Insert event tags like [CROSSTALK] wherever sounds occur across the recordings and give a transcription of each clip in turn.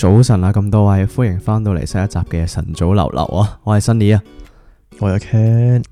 早晨啊，咁多位歡迎翻到嚟，新一集嘅晨早流流啊，我係 Sunny 啊，我係 Ken。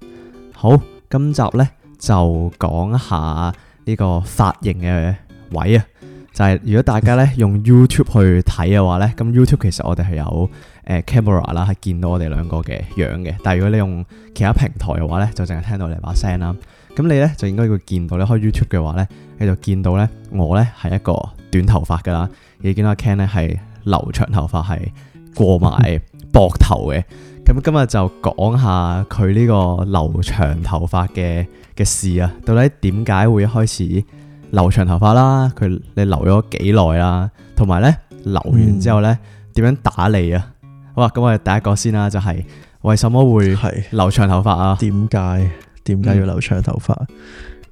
好，今集呢就講一下呢個髮型嘅位啊。就係、是、如果大家呢用 YouTube 去睇嘅話呢，咁 YouTube 其實我哋係有誒 camera、呃、啦，係見到我哋兩個嘅樣嘅。但係如果你用其他平台嘅話呢，就淨係聽到你把聲啦。咁你呢，就應該會見到你開 YouTube 嘅話呢，你就見到呢我呢係一個短頭髮噶啦，你見到阿 Ken 呢係。留長頭髮係過埋膊頭嘅，咁 [LAUGHS] 今日就講下佢呢個留長頭髮嘅嘅事啊，到底點解會開始留長頭髮啦？佢你留咗幾耐啦？同埋呢，留完之後呢點、嗯、樣打理啊？好啦，咁我哋第一個先啦、啊，就係、是、為什麼會留長頭髮啊？點解點解要留長頭髮？嗯、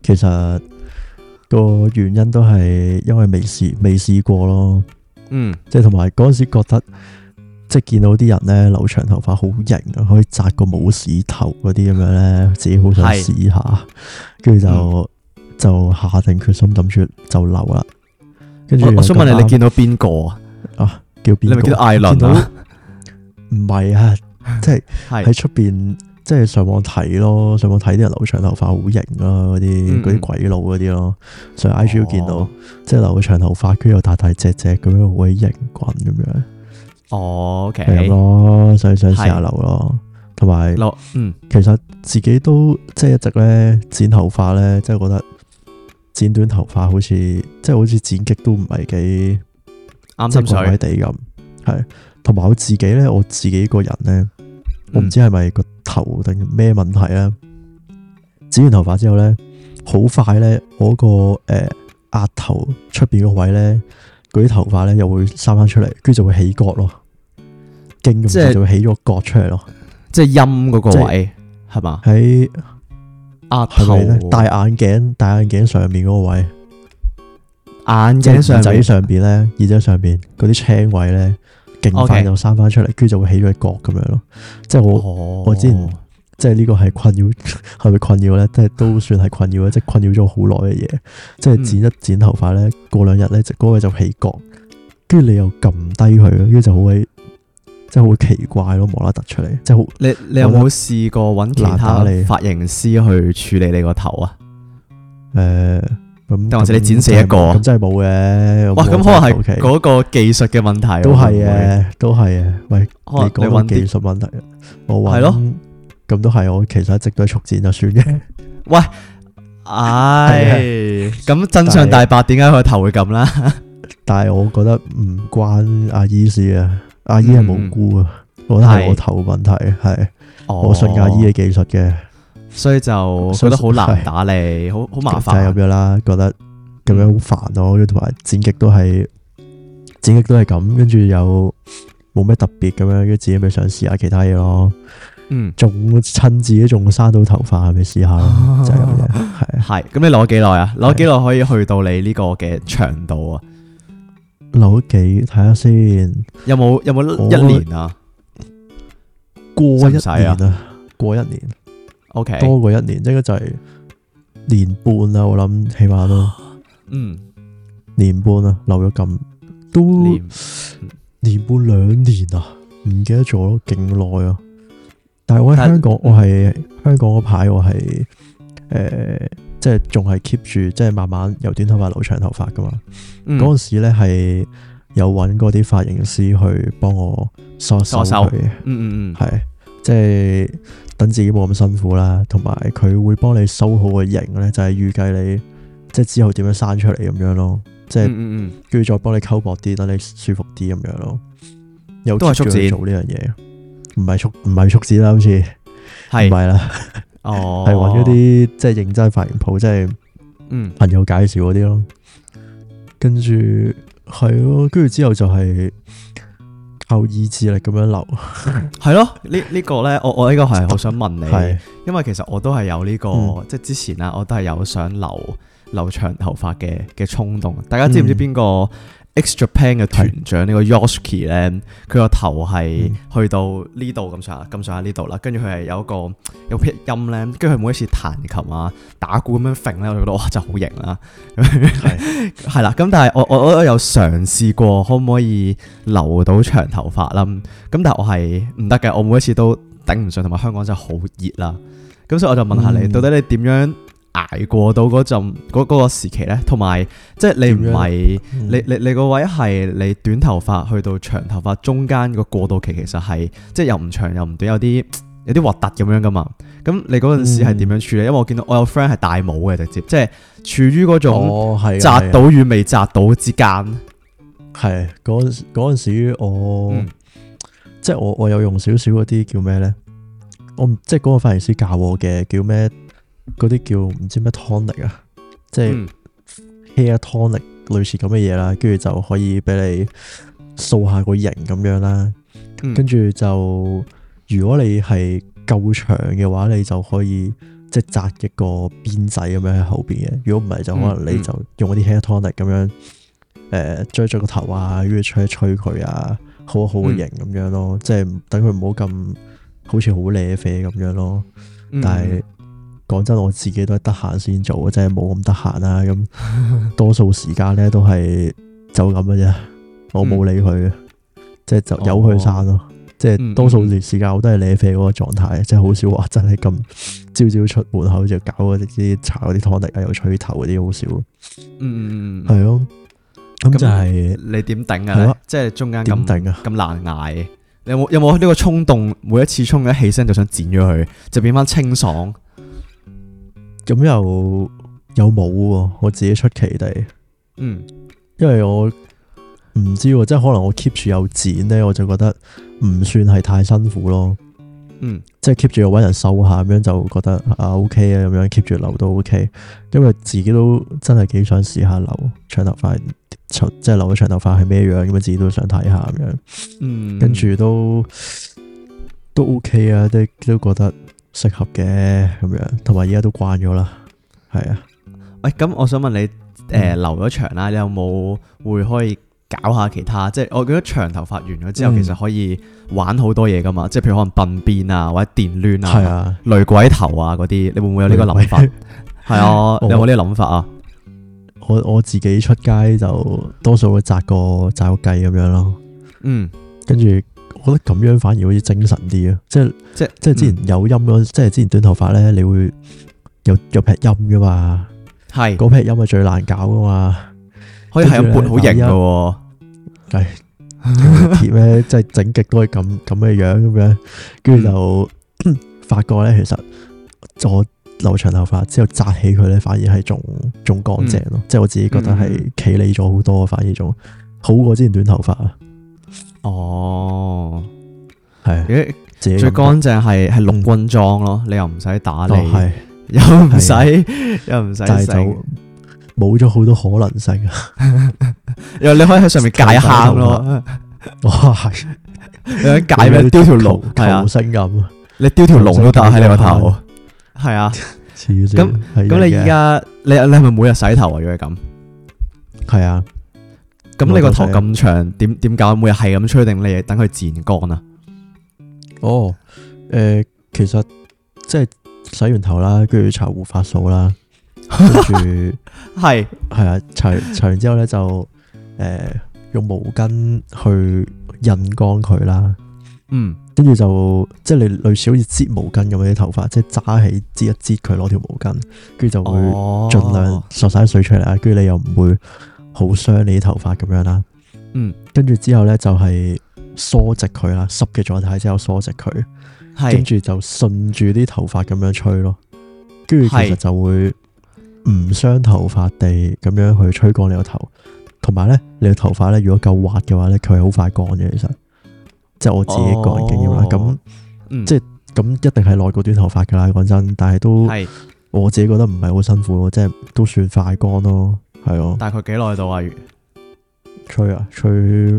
其實個原因都係因為未試未試過咯。嗯，即係同埋嗰陣時覺得，即係見到啲人咧留長頭髮好型啊，可以紮個武士頭嗰啲咁樣咧，自己好想試下，跟住是就、嗯、就下定決心諗住就留啦。跟住，我想問你，你見到邊個啊？啊，叫邊？你係咪叫艾倫啊？唔係 [LAUGHS] 啊，即係喺出邊。即係上網睇咯，上網睇啲人留長頭髮好型啊，嗰啲嗰啲鬼佬嗰啲咯，上 I G 都見到，即係留長頭髮，佢又大大隻隻咁樣好鬼型俊咁樣。哦，O K，所以想試下留咯，同埋，其實自己都即係一直咧剪頭髮咧，即係覺得剪短頭髮好似，即係好似剪極都唔係幾啱心水地咁。係，同埋我自己咧，我自己個人咧，我唔知係咪個。頭定咩問題咧？剪完頭髮之後咧，好快咧，嗰、那個誒額、呃、頭出邊嗰個位咧，嗰啲頭髮咧又會生返出嚟，跟住就會起角咯，驚咁樣就會起咗個角出嚟咯，即係陰嗰個位係嘛？喺額頭戴眼鏡，戴眼鏡上面嗰個位，眼鏡、就是、上仔上邊咧，耳仔上邊嗰啲青位咧。勁快就生翻出嚟，跟住 Okay. 就會起咗一角咁樣咯。即係好我，oh. 我之前即係呢個係困擾，係咪困擾咧？即係 [LAUGHS] 都算係困擾，即係困擾咗好耐嘅嘢。即係剪一剪頭髮咧，過兩日咧，嗰個就起角，跟住你又撳低佢，跟住就好鬼，即係好奇怪咯，無啦突出嚟。即係你你有冇試過搵其他髮型師去處理你個頭啊？誒。嗯咁，或者你剪少一個，咁真係冇嘅。哇，咁可能係嗰個技術嘅問題。都係嘅，都係嘅。喂，可能技術問題。冇話係咯，咁都係。我其實一直都係速剪就算嘅。喂，唉，咁真相大白點解佢頭會咁啦？但係我覺得唔關阿姨事啊，阿姨係無辜啊，我覺得係我頭問題，係我信阿姨嘅技術嘅。所以就覺得好難打理，好好是麻煩咁樣啦。覺得咁樣好煩、啊、咯，跟住同埋剪極都係剪極都係咁，跟住又冇咩特別咁樣，跟住自己咪想試下其他嘢咯。嗯，仲趁自己仲生到頭髮，係咪試下？ [LAUGHS] 就係咁樣，係係。咁你攞幾耐啊？攞幾耐可以去到你呢個嘅長度啊？攞幾睇下先，有冇有冇一年啊？過一洗啊，過一年、啊。OK，多過一年，應該就係、是、年半啦。我諗起碼都，嗯，年半啦，留咗咁都年半兩年啊，唔記得咗，勁耐啊！但係我喺香港，我係香港嗰排，我係誒，即係仲係 keep 住，即係慢慢由短頭髮留長頭髮㗎嘛。嗰陣、嗯、時咧係有搵過啲髮型師去幫我梳梳頭嘅，嗯嗯嗯，係、嗯嗯、即係。即等自己冇咁辛苦啦，同埋佢會幫你修好個型咧，就係預計你即係、就是、之後點樣生出嚟，咁樣咯，即係跟住再幫你溝薄啲，等你舒服啲咁樣咯。又這個、都係促子做呢樣嘢，唔係促唔係促子啦，好似係唔係啦，是 [LAUGHS] 了哦，係搵嗰啲即係認真髮型鋪，即係嗯朋友介紹嗰啲咯，跟住係咯，跟住、啊、之後就係、是。後意志力咁樣留， [LAUGHS] 係、這、咯、個、呢呢個呢，我我呢個係好想問你，是因為其實我都係有呢、這個，嗯、即係之前呀，我都係有想留留長頭髮嘅嘅衝動。大家知唔知邊個、嗯？Extra pan 嘅團長呢個 Yoshiki 咧，佢個頭係去到呢度咁上下，咁上下呢度啦。跟住佢係有一個有一個音咧，跟住佢每一次彈琴啊、打鼓咁樣揈咧，我就覺得哇，真係好型啦。係係啦，咁 [LAUGHS] 但係我我我有嘗試過，可唔可以留到長頭髮啦？咁但係我係唔得嘅，我每一次都頂唔順，同埋香港真係好熱啦。咁所以我就問下你，嗯、到底你點樣？捱過到嗰陣嗰、嗰個時期咧，同埋即係你唔係、嗯、你你你個位係你短頭髮去到長頭髮中間嘅過渡期，其實係即係又唔長又唔短，有啲有啲核突咁樣噶嘛。咁你嗰陣時係點樣處理？嗯、因為我見到我有 friend 係戴帽嘅直接，即係處於嗰種紮到與未紮到之間。係嗰嗰陣時我，嗯、即我即係我我有用少少嗰啲叫咩咧？我唔即係嗰個髮型師教我嘅叫咩？嗰啲叫唔知咩 tonic 啊，即係、嗯、hair tonic 類似咁嘅嘢啦，跟住就可以俾你掃下個型咁樣啦。跟住、嗯、就如果你係夠長嘅話，你就可以即係紮一個辮仔咁樣喺後邊嘅。如果唔係，就可能你就用嗰啲 hair tonic 咁樣誒、嗯嗯呃，追咗個頭啊，跟住吹一吹佢啊，好好個型咁樣咯。嗯、即係等佢唔好咁好似好瀨啡咁樣咯，嗯、但係。講真，我自己都係得閒先做，真係冇咁得閒啦。咁、嗯、 [LAUGHS] 多數時間咧都係就咁嘅啫。我冇理佢，嗯、即係就由佢生咯。哦哦、即係多數段時間我都係咧啡嗰個狀態，嗯、即係好少話真係咁朝朝出門口就搞嗰啲茶嗰啲湯底啊，有吹頭嗰啲好少。嗯，係咯。咁就係你點頂嘅咧？即係中間點頂啊？咁難挨，你有冇有冇呢個衝動？每一次沖咗起身就想剪咗佢，就變翻清爽。咁又有冇喎，我自己出奇地，嗯，因為我唔知，即係可能我 keep 住有剪咧，我就覺得唔算係太辛苦咯，嗯，即係 keep 住又搵人瘦下咁樣就覺得啊 OK 啊咁樣 keep 住留都 OK，因為自己都真係幾想試下留長頭髮，即係留咗長頭髮係咩樣咁樣，自己都想睇下咁樣，嗯，跟住都都 OK 啊，即都覺得。適合嘅咁樣，同埋依家都慣咗啦，係啊程莊。喂、欸，咁我想問你，誒、呃，留咗長啦，你有冇會可以搞下其他？即係我覺得長頭髮完咗之後，其實可以玩好多嘢噶嘛。即係譬如可能鬢邊啊，或者電攣啊，雷鬼頭啊嗰啲，你會唔會有呢個諗法？係啊，有冇呢個諗法啊？我我自己出街就多數會紮個紮個髻咁樣咯。嗯、mm.，跟住。我覺得咁樣反而好似精神啲啊！即係即係即係之前有音嗰，嗯、即係之前短頭髮咧，你會有有劈音噶嘛？係，個劈音係最難搞噶嘛？可以係一半好型啊。唉，貼咧即係整極都係咁咁嘅樣咁樣，跟住就、嗯、發覺咧，其實我留長頭髮之後紮起佢咧，反而係仲仲乾淨咯。嗯、即係我自己覺得係企理咗好多，反而仲好，好過之前短頭髮啊。哦，係最最乾淨係係龍軍裝咯，你又唔使打理，又唔使又唔使洗，冇咗好多可能性啊！又你可以喺上面解喊咯，哇係，你想解咩？丟條龍冇聲音，你丟條龍都打喺你個頭，係啊，咁咁你而家你你係咪每日洗頭啊？如果係咁，係啊。咁你個頭咁長，點點解會係咁吹定你？等佢自然乾啊？哦，誒、呃，其實即係洗完頭啦，跟住搽護髮素啦，跟住係，係啊，搽搽 [LAUGHS] 是完之後咧就誒、呃、用毛巾去印乾佢啦。嗯，跟住就即係你類似好似折毛巾咁嘅啲頭髮，即係揸起折一折佢，攞條毛巾，跟住就會盡量索晒啲水出嚟啊，跟住，哦、你又唔會。好傷你啲頭髮咁樣啦，嗯，跟住之後咧就係梳直佢啦，濕嘅狀態之後梳直佢，跟住是 就順住啲頭髮咁樣吹咯，跟住其實就會唔傷頭髮地咁樣去吹乾你個頭，同埋咧你嘅頭髮咧如果夠滑嘅話咧，佢係好快乾嘅，其實，即係我自己個人經驗啦，咁即係咁一定係內個短頭髮噶啦，講真，但係都是 我自己覺得唔係好辛苦，即係都算快乾咯。係哦，大概幾耐到啊？吹啊，吹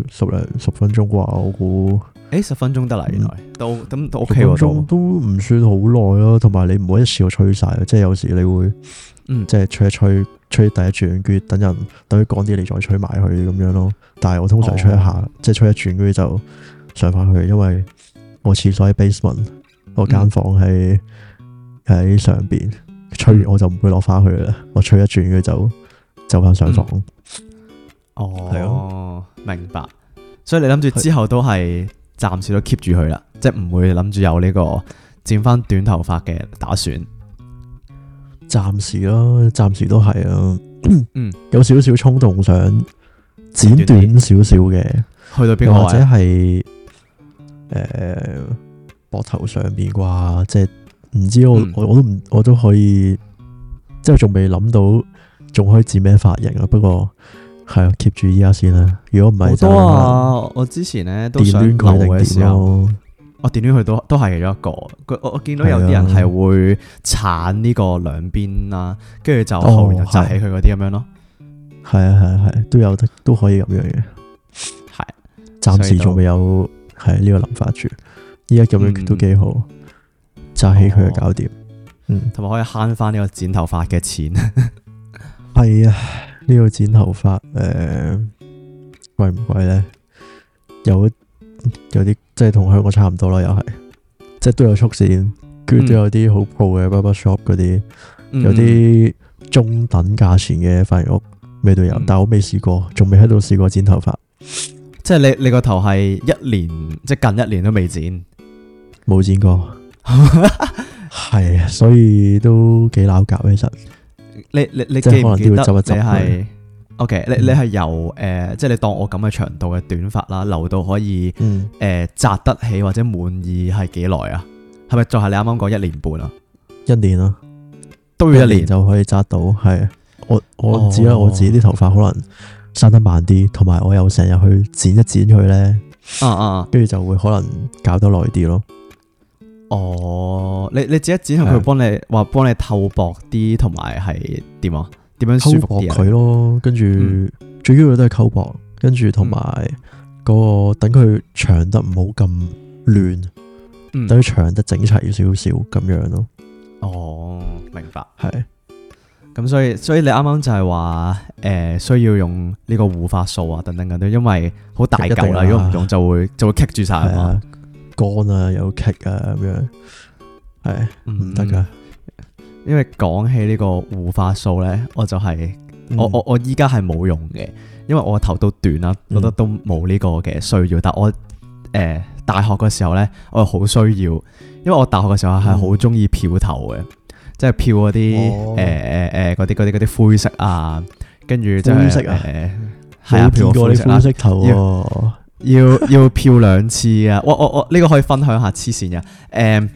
十零十分鐘啩。我估誒，十分鐘得嚟到咁，到五分鐘都唔算好耐咯。同埋你唔可以、啊嗯、一時候吹晒，即係有時你會、嗯、即係吹一吹，吹第一轉，跟住等人等佢講啲，你再吹埋去咁樣咯。但係我通常吹一下，哦、即係吹一轉，跟住就上翻去，因為我廁所喺 basement，我間房喺喺上邊，吹完我就唔會落翻去啦。我吹一轉跟住就。就快上床，嗯。哦，是明白。所以你諗住之後都係暫時都 keep 住佢啦,即係唔會諗住有呢個剪翻短頭髮嘅打算。暫時咯，暫時都係啊。嗯， [COUGHS] [COUGHS] 有少少衝動想剪短少少嘅，去到邊個、啊、或者係誒膊頭上邊啩？即係唔知我、嗯、我我都唔我都可以，即係仲未諗到。仲可以剪咩髮型啊？不過係 keep 住依家先啦。如果唔係好多啊，我之前咧都電攣佢定點樣？我電攣佢都都係其中一個佢。我我見到有啲人係會鏟呢個兩邊啦，跟住就後面就紮起佢嗰啲咁樣咯。係啊，係啊，係都有得都可以咁樣嘅。係暫時仲未有係呢個諗法住。依家咁樣都幾好，紮起佢嘅搞掂。嗯，同埋可以慳翻呢個剪頭髮嘅錢。係啊，呢個、哎、剪頭髮誒，貴唔貴咧？有有啲即係同香港差唔多啦，又係即係都有速線，跟住都、嗯、有啲好 pro 嘅 barbershop 嗰啲，有啲中等價錢嘅髮型屋咩都有，嗯、但我未試過，仲未喺度試過剪頭髮。即係你你個頭係一年即係近一年都未剪，冇剪過，係啊， [LAUGHS] 所以都幾老夾其實。你你你即是 記唔記得你？你係 O K，你你係由誒、呃，即係你當我咁嘅長度嘅短髮啦，留到可以誒紮、嗯呃、得起或者滿意係幾耐啊？係咪就係你啱啱講一年半啊？一年啊，都要一年，一年就可以紮到。係我我知啦，我自己啲頭髮可能生得慢啲，同埋我又成日去剪一剪佢咧。啊啊、嗯，跟、嗯、住、嗯、就會可能搞得耐啲咯。哦、oh，你你指一指，同佢會幫你話幫你透薄啲，同埋係點啊？點樣舒服薄佢咯，跟住、嗯、最主要嘅都係溝薄，跟住同埋嗰個等佢長得唔好咁亂，等佢、嗯、長得整齊少少咁樣咯、哦。哦，明白。係咁是， [LAUGHS] 所以所以你啱啱就係話誒，需要用呢個護髮素啊等等嗰啲，因為好大嚿啦，如果唔用就會就會棘住晒啊嘛。Yes. 乾啊，有劇啊，咁樣係唔得噶。嗯、因為講起呢個護髮素咧，我就係、是嗯、我我我依家係冇用嘅，因為我頭都短啦，嗯、覺得都冇呢個嘅需要。但我誒、呃、大學嘅時候咧，我好需要，因為我大學嘅時候係好中意漂頭嘅，即係漂嗰啲誒誒誒啲啲啲灰色啊，跟住灰色啊，係啊，個灰色頭。 [LAUGHS] 要要漂兩次啊！我我我呢、這個可以分享下黐線啊。誒、嗯，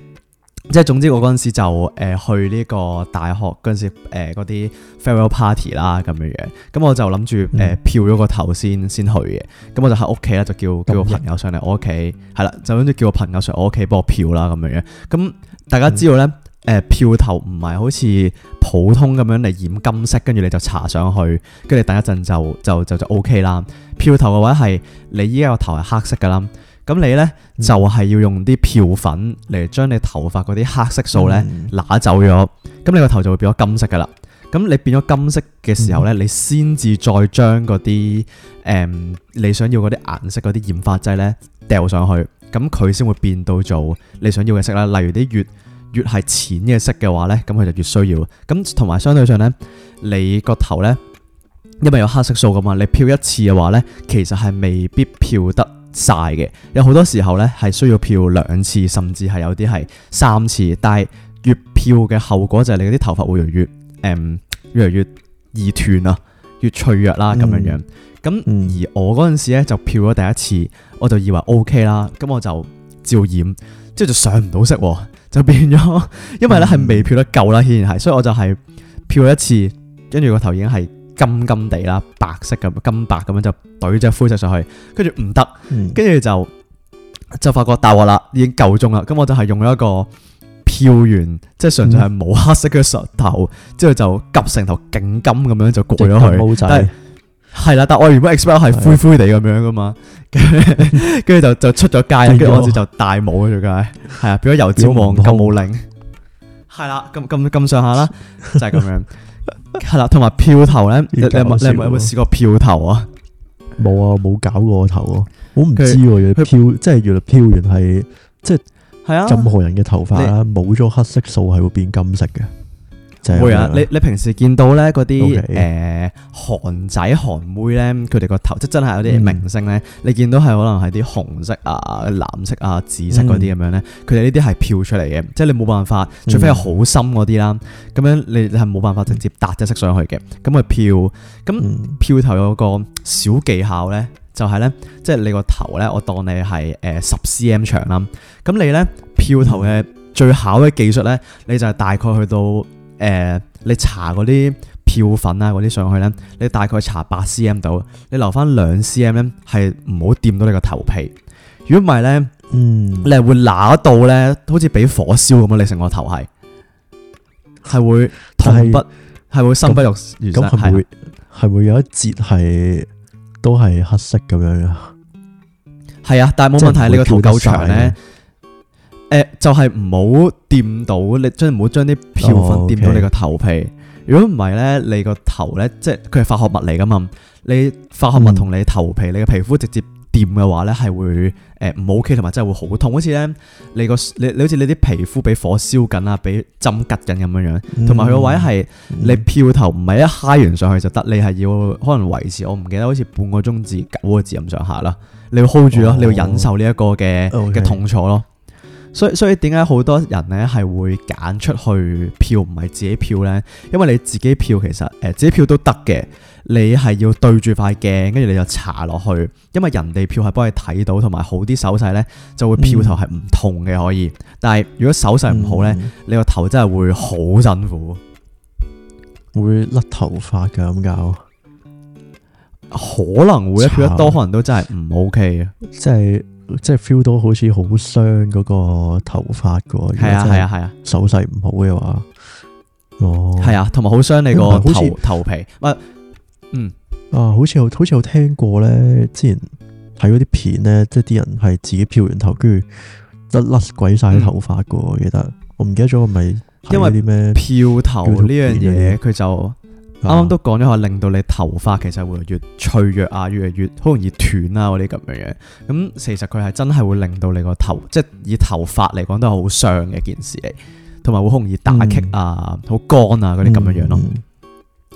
即、嗯、係總之我嗰陣時就誒、呃、去呢個大學嗰陣時嗰啲、呃、farewell party 啦咁樣樣，咁我就諗住誒漂咗個頭先先去嘅，咁我就喺屋企咧就叫叫，叫個朋友上嚟我屋企，係啦， [LAUGHS] 就諗住叫個朋友上我屋企幫我漂啦咁樣樣，咁大家知道咧。嗯誒、呃、漂頭唔係好似普通咁樣嚟染金色，跟住你就搽上去，跟住等一陣就就就就，就 O、OK、K 啦。漂頭嘅話係你依家個頭係黑色㗎啦，咁你呢，嗯、就係要用啲漂粉嚟將你頭髮嗰啲黑色素呢拿走咗，咁、嗯、你個頭就會變咗金色㗎啦。咁你變咗金色嘅時候呢，嗯、你先至再將嗰啲誒你想要嗰啲顏色嗰啲染髮劑呢掉上去，咁佢先會變到做你想要嘅色啦。例如啲月。越係淺嘅色嘅話呢，咁佢就越需要。咁同埋相對上呢，你個頭呢，因為有黑色素㗎嘛，你漂一次嘅話呢，其實係未必漂得晒嘅。有好多時候呢，係需要漂兩次，甚至係有啲係三次。但係越漂嘅後果就係你嗰啲頭髮會越嚟越誒、嗯，越嚟越易斷啊，越脆弱啦、啊，咁樣樣。咁、嗯、而我嗰陣時咧就漂咗第一次，我就以為 O、OK、K 啦，咁我就照染，之後就係、上唔到色喎、啊。就變咗，因為咧係未漂得夠啦，顯然係，所以我就係漂一次，跟住個頭已經係金金地啦，白色咁金白咁樣，就懟隻灰色上去，跟住唔得，跟住就就發覺大鑊啦，已經夠鐘啦，咁我就係用咗一個漂完，即係純粹係冇黑色嘅石頭，嗯、之後就急成頭勁金咁樣就過咗去。係啦，但我原本 expect 係灰灰地咁樣噶嘛，跟住就就出咗街，跟住我只就戴帽出街，係啊，變咗油紙網金毛領，係啦，咁咁咁上下啦，就係咁樣，係啦，同埋漂頭咧，你有冇有冇試過漂頭啊？冇啊，冇搞過頭，我唔知原來漂，即係原來漂完係即係，係啊，任何人嘅頭髮啦，冇咗黑色素係會變金色嘅。會啊！吧你你平時見到咧嗰啲誒韓仔韓妹咧，佢哋個頭即係真係有啲明星咧，嗯、你見到係可能係啲紅色啊、藍色啊、紫色嗰啲咁樣咧，佢哋呢啲係漂出嚟嘅，即係你冇辦法，除非係好深嗰啲啦。咁、嗯、樣你你係冇辦法直接搭隻色上去嘅。咁啊漂，咁漂頭有個小技巧咧，就係、是、咧，即、就、係、是、你個頭咧，我當你係誒十 C M 長啦。咁你咧漂頭嘅最巧嘅技術咧，你就係大概去到。誒、呃，你搽嗰啲漂粉啊，嗰啲上去咧，你大概搽八 cm 到，你留翻兩 cm 咧，係唔好掂到你個頭皮。如果唔係咧，嗯，你係會乸到咧，好似俾火燒咁啊！你成個頭係係、嗯、會痛是不，係是會心不欲。咁係樣會係會有一節係都係黑色咁樣嘅。係啊，但係冇問題，你個頭夠長咧。誒、呃，就係唔好掂到，你真係唔好將啲漂粉掂到你個頭皮。如果唔係咧，okay、你個頭咧，即係佢係化學物嚟噶嘛。你化學物同你頭皮、嗯、你個皮膚直接掂嘅話咧，係、呃、會誒唔 OK，同埋真係會好痛。好似咧，你個你你好似你啲皮膚俾火燒緊啊，俾針拮緊咁樣樣。同埋佢個位係、嗯、你漂頭唔係一嗨完上去就得，你係要可能維持。我唔記得好似半個鐘至九個字咁上下啦。你要 hold 住咯，哦哦、你要忍受呢一個嘅嘅痛楚咯。哦 okay。所以所以點解好多人咧係會揀出去漂，唔係自己漂呢？因為你自己漂其實誒、呃、自己漂都得嘅，你係要對住塊鏡，跟住你就搽落去。因為人哋漂係幫你睇到，同埋好啲手勢呢，就會漂頭係唔同嘅可以。嗯、但係如果手勢唔好呢，嗯、你個頭真係會好辛苦，會甩頭髮嘅咁搞，可能會一漂一多，臭可能都真係唔 OK 嘅，即係。即係 feel 到好似好傷嗰個頭髮噶，係啊係啊係啊，手勢唔好嘅話，哦係啊，同埋、哦啊欸，好傷你個頭頭皮。唔、嗯，啊，好似有好似有聽過咧，之前睇嗰啲片咧，即係啲人係自己漂完頭，跟住得甩鬼晒啲頭髮噶嗯、我記得我唔記得咗，係咪因為啲咩漂頭呢樣嘢佢就？啱啱都講咗，話令到你頭髮其實會越脆弱啊，越嚟越好容易斷啊，嗰啲咁樣樣。咁其實佢係真係會令到你個頭，即係以頭髮嚟講都係好傷嘅一件事嚟，同埋會好容易打擊啊，好、嗯、乾啊嗰啲咁樣樣咯。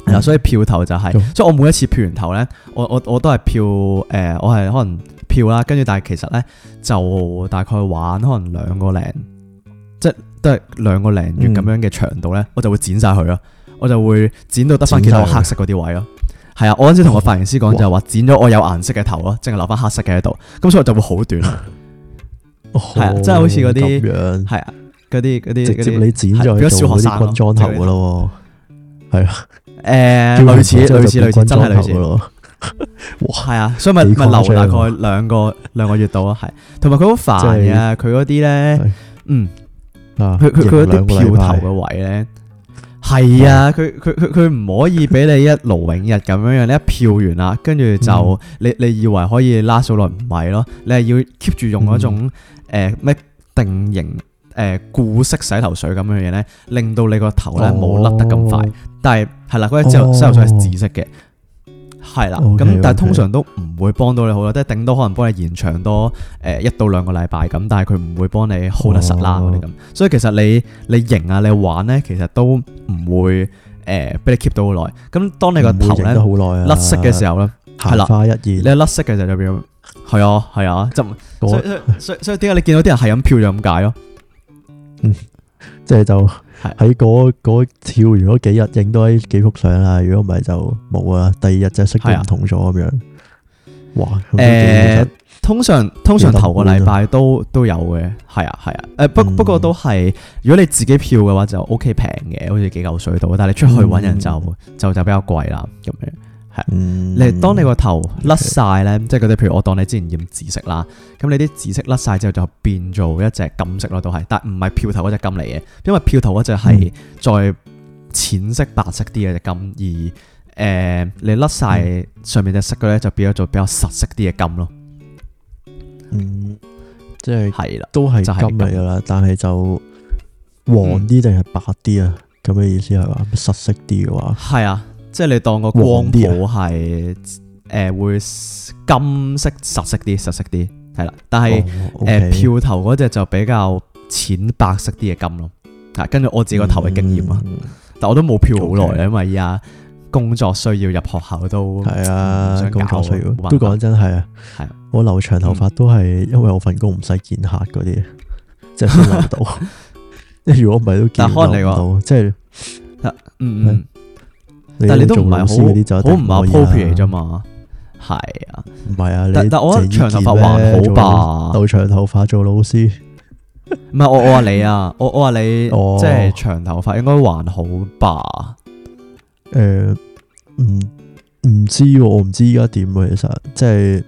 然後、嗯、所以漂頭就係、是，嗯、所以我每一次漂完頭咧，我我我都係漂誒，我係可能漂啦，跟住但係其實咧就大概玩可能兩個零，即係都係兩個零月咁樣嘅長度咧，嗯、我就會剪晒佢咯。我就會剪到得翻幾多黑色嗰啲位咯，係啊，我嗰陣時同個髮型師講就係話剪咗我有顏色嘅頭咯，淨係留翻黑色嘅喺度，咁所以我就會好短啊，係啊，即係好似嗰啲樣，係啊，嗰啲嗰啲直接你剪咗，變小學生軍裝頭噶咯，係啊，誒，類似類似類似真係類似咯，係啊，所以咪咪留大概兩個兩個月度咯，係，同埋佢好煩啊。佢嗰啲咧，嗯，佢佢佢嗰啲票頭嘅位咧。係啊，佢佢佢佢唔可以俾你一勞永逸咁樣樣， [LAUGHS] 你一漂完啦，跟住就、嗯、你你以為可以拉數落，唔係咯，你係要 keep 住用嗰種咩、嗯呃、定型誒固色洗頭水咁樣嘢咧，令到你個頭咧冇甩得咁快。哦、但係係啦，嗰隻之後洗頭水係紫色嘅。係啦，咁 Okay, 但係通常都唔會幫到你好啦，即係頂多可能幫你延長多誒、呃、一到兩個禮拜咁，但係佢唔會幫你好得實啦咁、oh.。所以其實你你型啊，你玩咧，其實都唔會誒俾、呃、你 keep 到好耐。咁當你個頭咧甩、啊、色嘅時候咧，係啦，一二你甩色嘅時候就變，係啊係啊，即係所所以點解你見到啲人係咁漂就咁解咯？ [LAUGHS] 即係就喺嗰嗰跳完嗰幾日影多幾幅相啦，如果唔係就冇啊。第二日就色變唔同咗咁是的 樣。哇的、嗯嗯！通常通常頭個禮拜都都有嘅，係啊係啊。誒，不不過都係，如果你自己票嘅話就 OK 平嘅，好似幾嚿水到。但係你出去搵人就、嗯、就就比較貴啦咁樣。係，嗯、你當你個頭甩晒咧，即係嗰啲，譬如我當你之前染紫色啦，咁你啲紫色甩晒之後就變做一隻金色咯，都係，但係唔係漂頭嗰隻金嚟嘅，因為漂頭嗰隻係再淺色，白色啲嘅隻金，而誒你甩晒上面隻色嘅咧，就變咗做比較實色啲嘅金咯。嗯，即係係啦，都係就係金嚟噶啦，但係就黃啲定係白啲啊？咁嘅意思係話實色啲嘅話，係啊。即係你當個光譜係誒會金色、實色啲、實色啲係啦，但係誒漂頭嗰隻就比較淺白色啲嘅金咯。啊，跟住我自己個頭嘅經驗啊，但我都冇漂好耐，因為依家工作需要入學校都係啊，工作需要都講真係啊，係我留長頭髮都係因為我份工唔使見客嗰啲，即係留到。即係如果唔係都見唔到，即係嗯嗯。但係你都唔係好唔係 appropriate 啫嘛，係啊，唔係啊，你但，但我覺得長頭髮還好吧，留長頭髮做老師，唔係 [LAUGHS] 我我話你啊， [LAUGHS] 我我話你、哦、即係長頭髮應該還好吧，誒、呃，唔唔知、啊、我唔知依家點啊，其實即係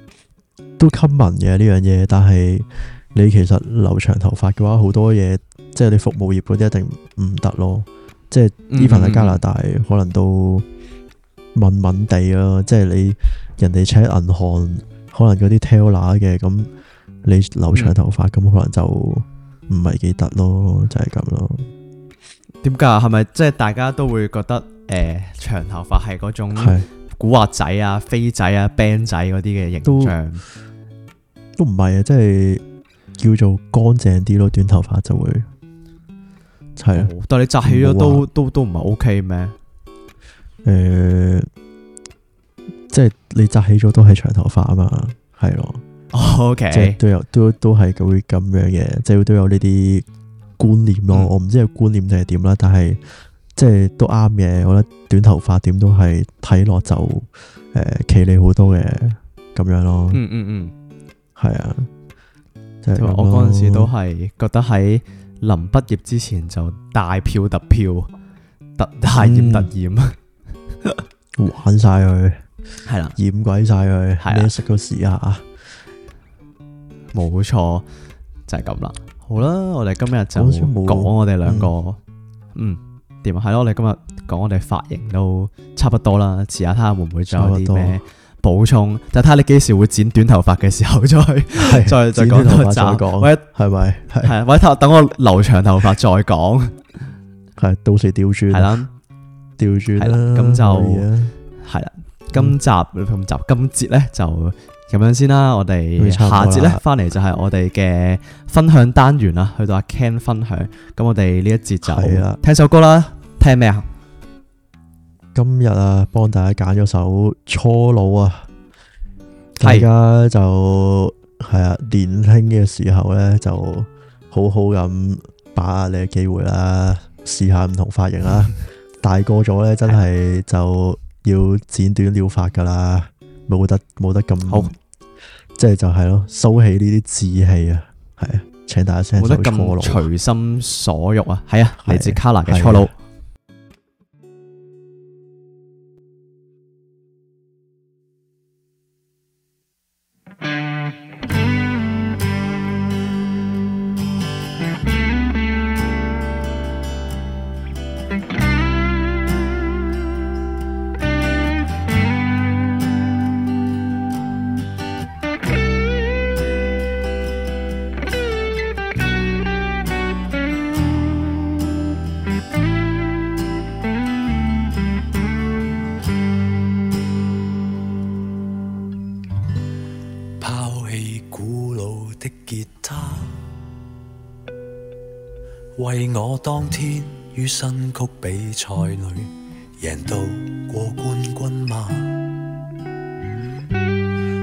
都 common 嘅呢樣嘢，但係你其實留長頭髮嘅話，好多嘢即係你服務業嗰啲一定唔得咯。即係呢份喺加拿大，嗯嗯、可能都文文地咯。即係你人哋 check 銀行，可能嗰啲 teller 嘅，咁你留長頭髮，咁、嗯、可能就唔係幾得咯，就係、是、咁咯。點解？係咪即係大家都會覺得誒、呃，長頭髮係嗰種古惑仔啊、的飛仔啊、band 仔嗰啲嘅形象？都唔係啊，即係叫做乾淨啲咯，短頭髮就會。係啊，對但係你紮起咗都都都唔係 OK 咩？誒、呃，即、就、係、是、你紮起咗都係長頭髮啊嘛，係咯、oh，OK，即係都有都都係會咁樣嘅，即、就、係、是、都有呢啲觀念咯。嗯、我唔知係觀念定係點啦，但係即係都啱嘅。我覺得短頭髮點都係睇落就誒、呃、企理好多嘅咁樣咯。嗯嗯嗯，係啊，即、就、係、是嗯嗯嗯、我嗰陣時都係覺得喺。臨畢業之前就大票、嗯、特票艷，大染特染，玩晒佢，係啦，染鬼晒佢，係啦的，咩色都試下啊！冇錯，就係咁啦。 [LAUGHS] 好啦，我哋今日就講我哋兩個，嗯，點啊、嗯？係咯，我哋今日講我哋髮型都差不多啦，遲下睇下會唔會仲有啲咩？補充，就睇下你幾時會剪短頭髮嘅時候再、再再講多集，喂，係咪？係啊，喂，等我留長頭髮再講，係到時吊轉係啦，調轉啦，咁就係啦。今集咁集，今節咧就咁樣先啦。我哋下節咧翻嚟，就係我哋嘅分享單元啦，去到阿 Ken 分享。咁我哋呢一節就聽首歌啦，聽咩啊？今日啊，幫大家揀咗首《初老》啊，大家就係啊，年輕嘅時候呢，就好好咁把握你嘅機會啦，試下唔同髮型啦。嗯、大個咗呢，真係就要剪短了髮噶啦，冇得冇得咁好，即係就係咯，收起呢啲稚氣啊，係啊，請大家聲冇、啊、得咁隨心所欲啊，係啊，嚟自 Kolor 嘅《初老》。當天於新曲比賽裏贏到過冠軍嗎？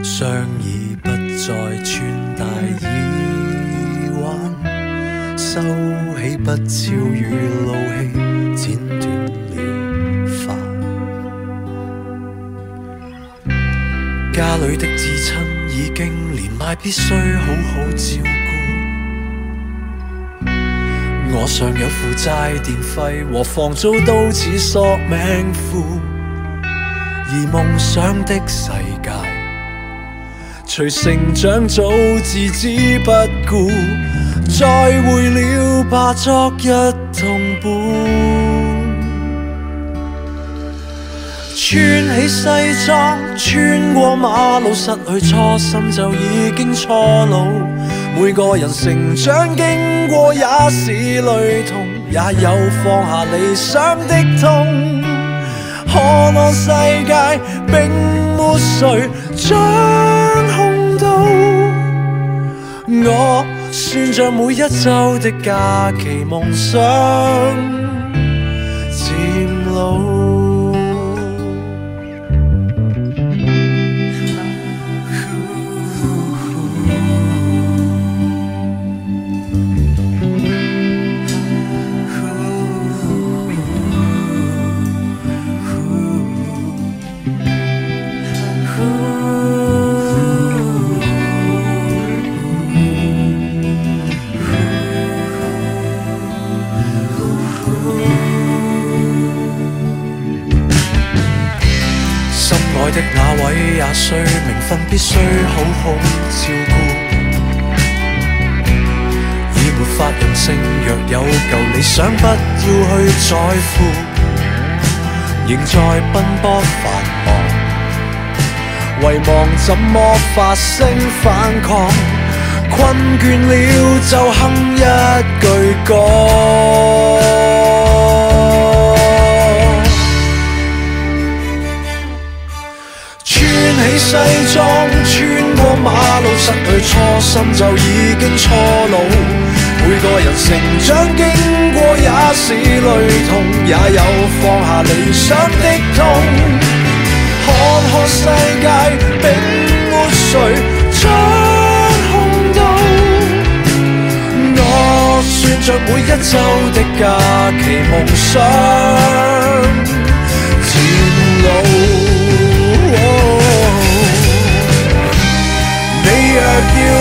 雙耳不再穿大耳環，收起不超與怒氣，剪短了髮。家裏的至親已經年邁，必須好好照顧。我尚有負債、電費和房租都似索命符，而夢想的世界，隨成長早置之不顧。再會了吧，昨日同伴。穿起西裝，穿過馬路，失去初心就已經初老。每個人成長經過也是雷同，也有放下理想的痛。可我世界並沒誰掌控到，我算着每一周的假期夢想。需名分，必須好好照顧。已沒法任性，若有舊理想，不要去在乎。仍在奔波繁忙，遺忘怎麼發聲反抗，困倦了就哼一句歌。你西裝穿過馬路，失去初心就已經錯路。每個人成長經過也是雷同，也有放下理想的痛。看看世界，並沒誰掌控到。我算着每一周的假期，夢想前路。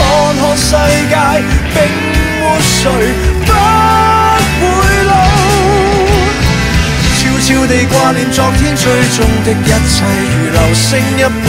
看看世界，並沒誰不會老。悄悄地掛念昨天，最終的一切如流星一般。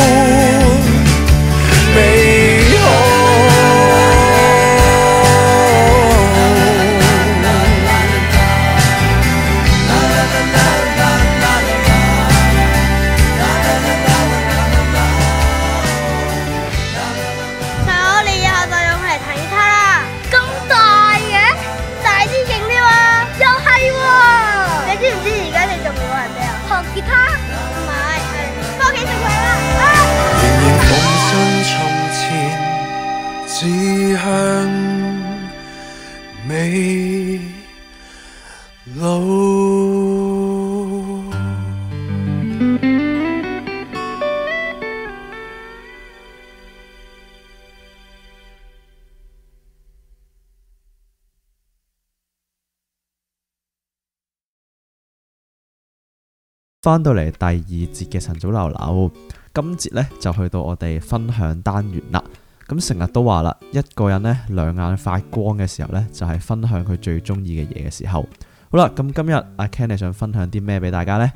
翻到嚟第二節嘅晨早流流，今節呢就去到我哋分享單元啦。咁成日都話啦，一個人呢兩眼發光嘅時候呢，就係、是、分享佢最中意嘅嘢嘅時候。好啦，咁今日阿 Ken 你想分享啲咩俾大家呢？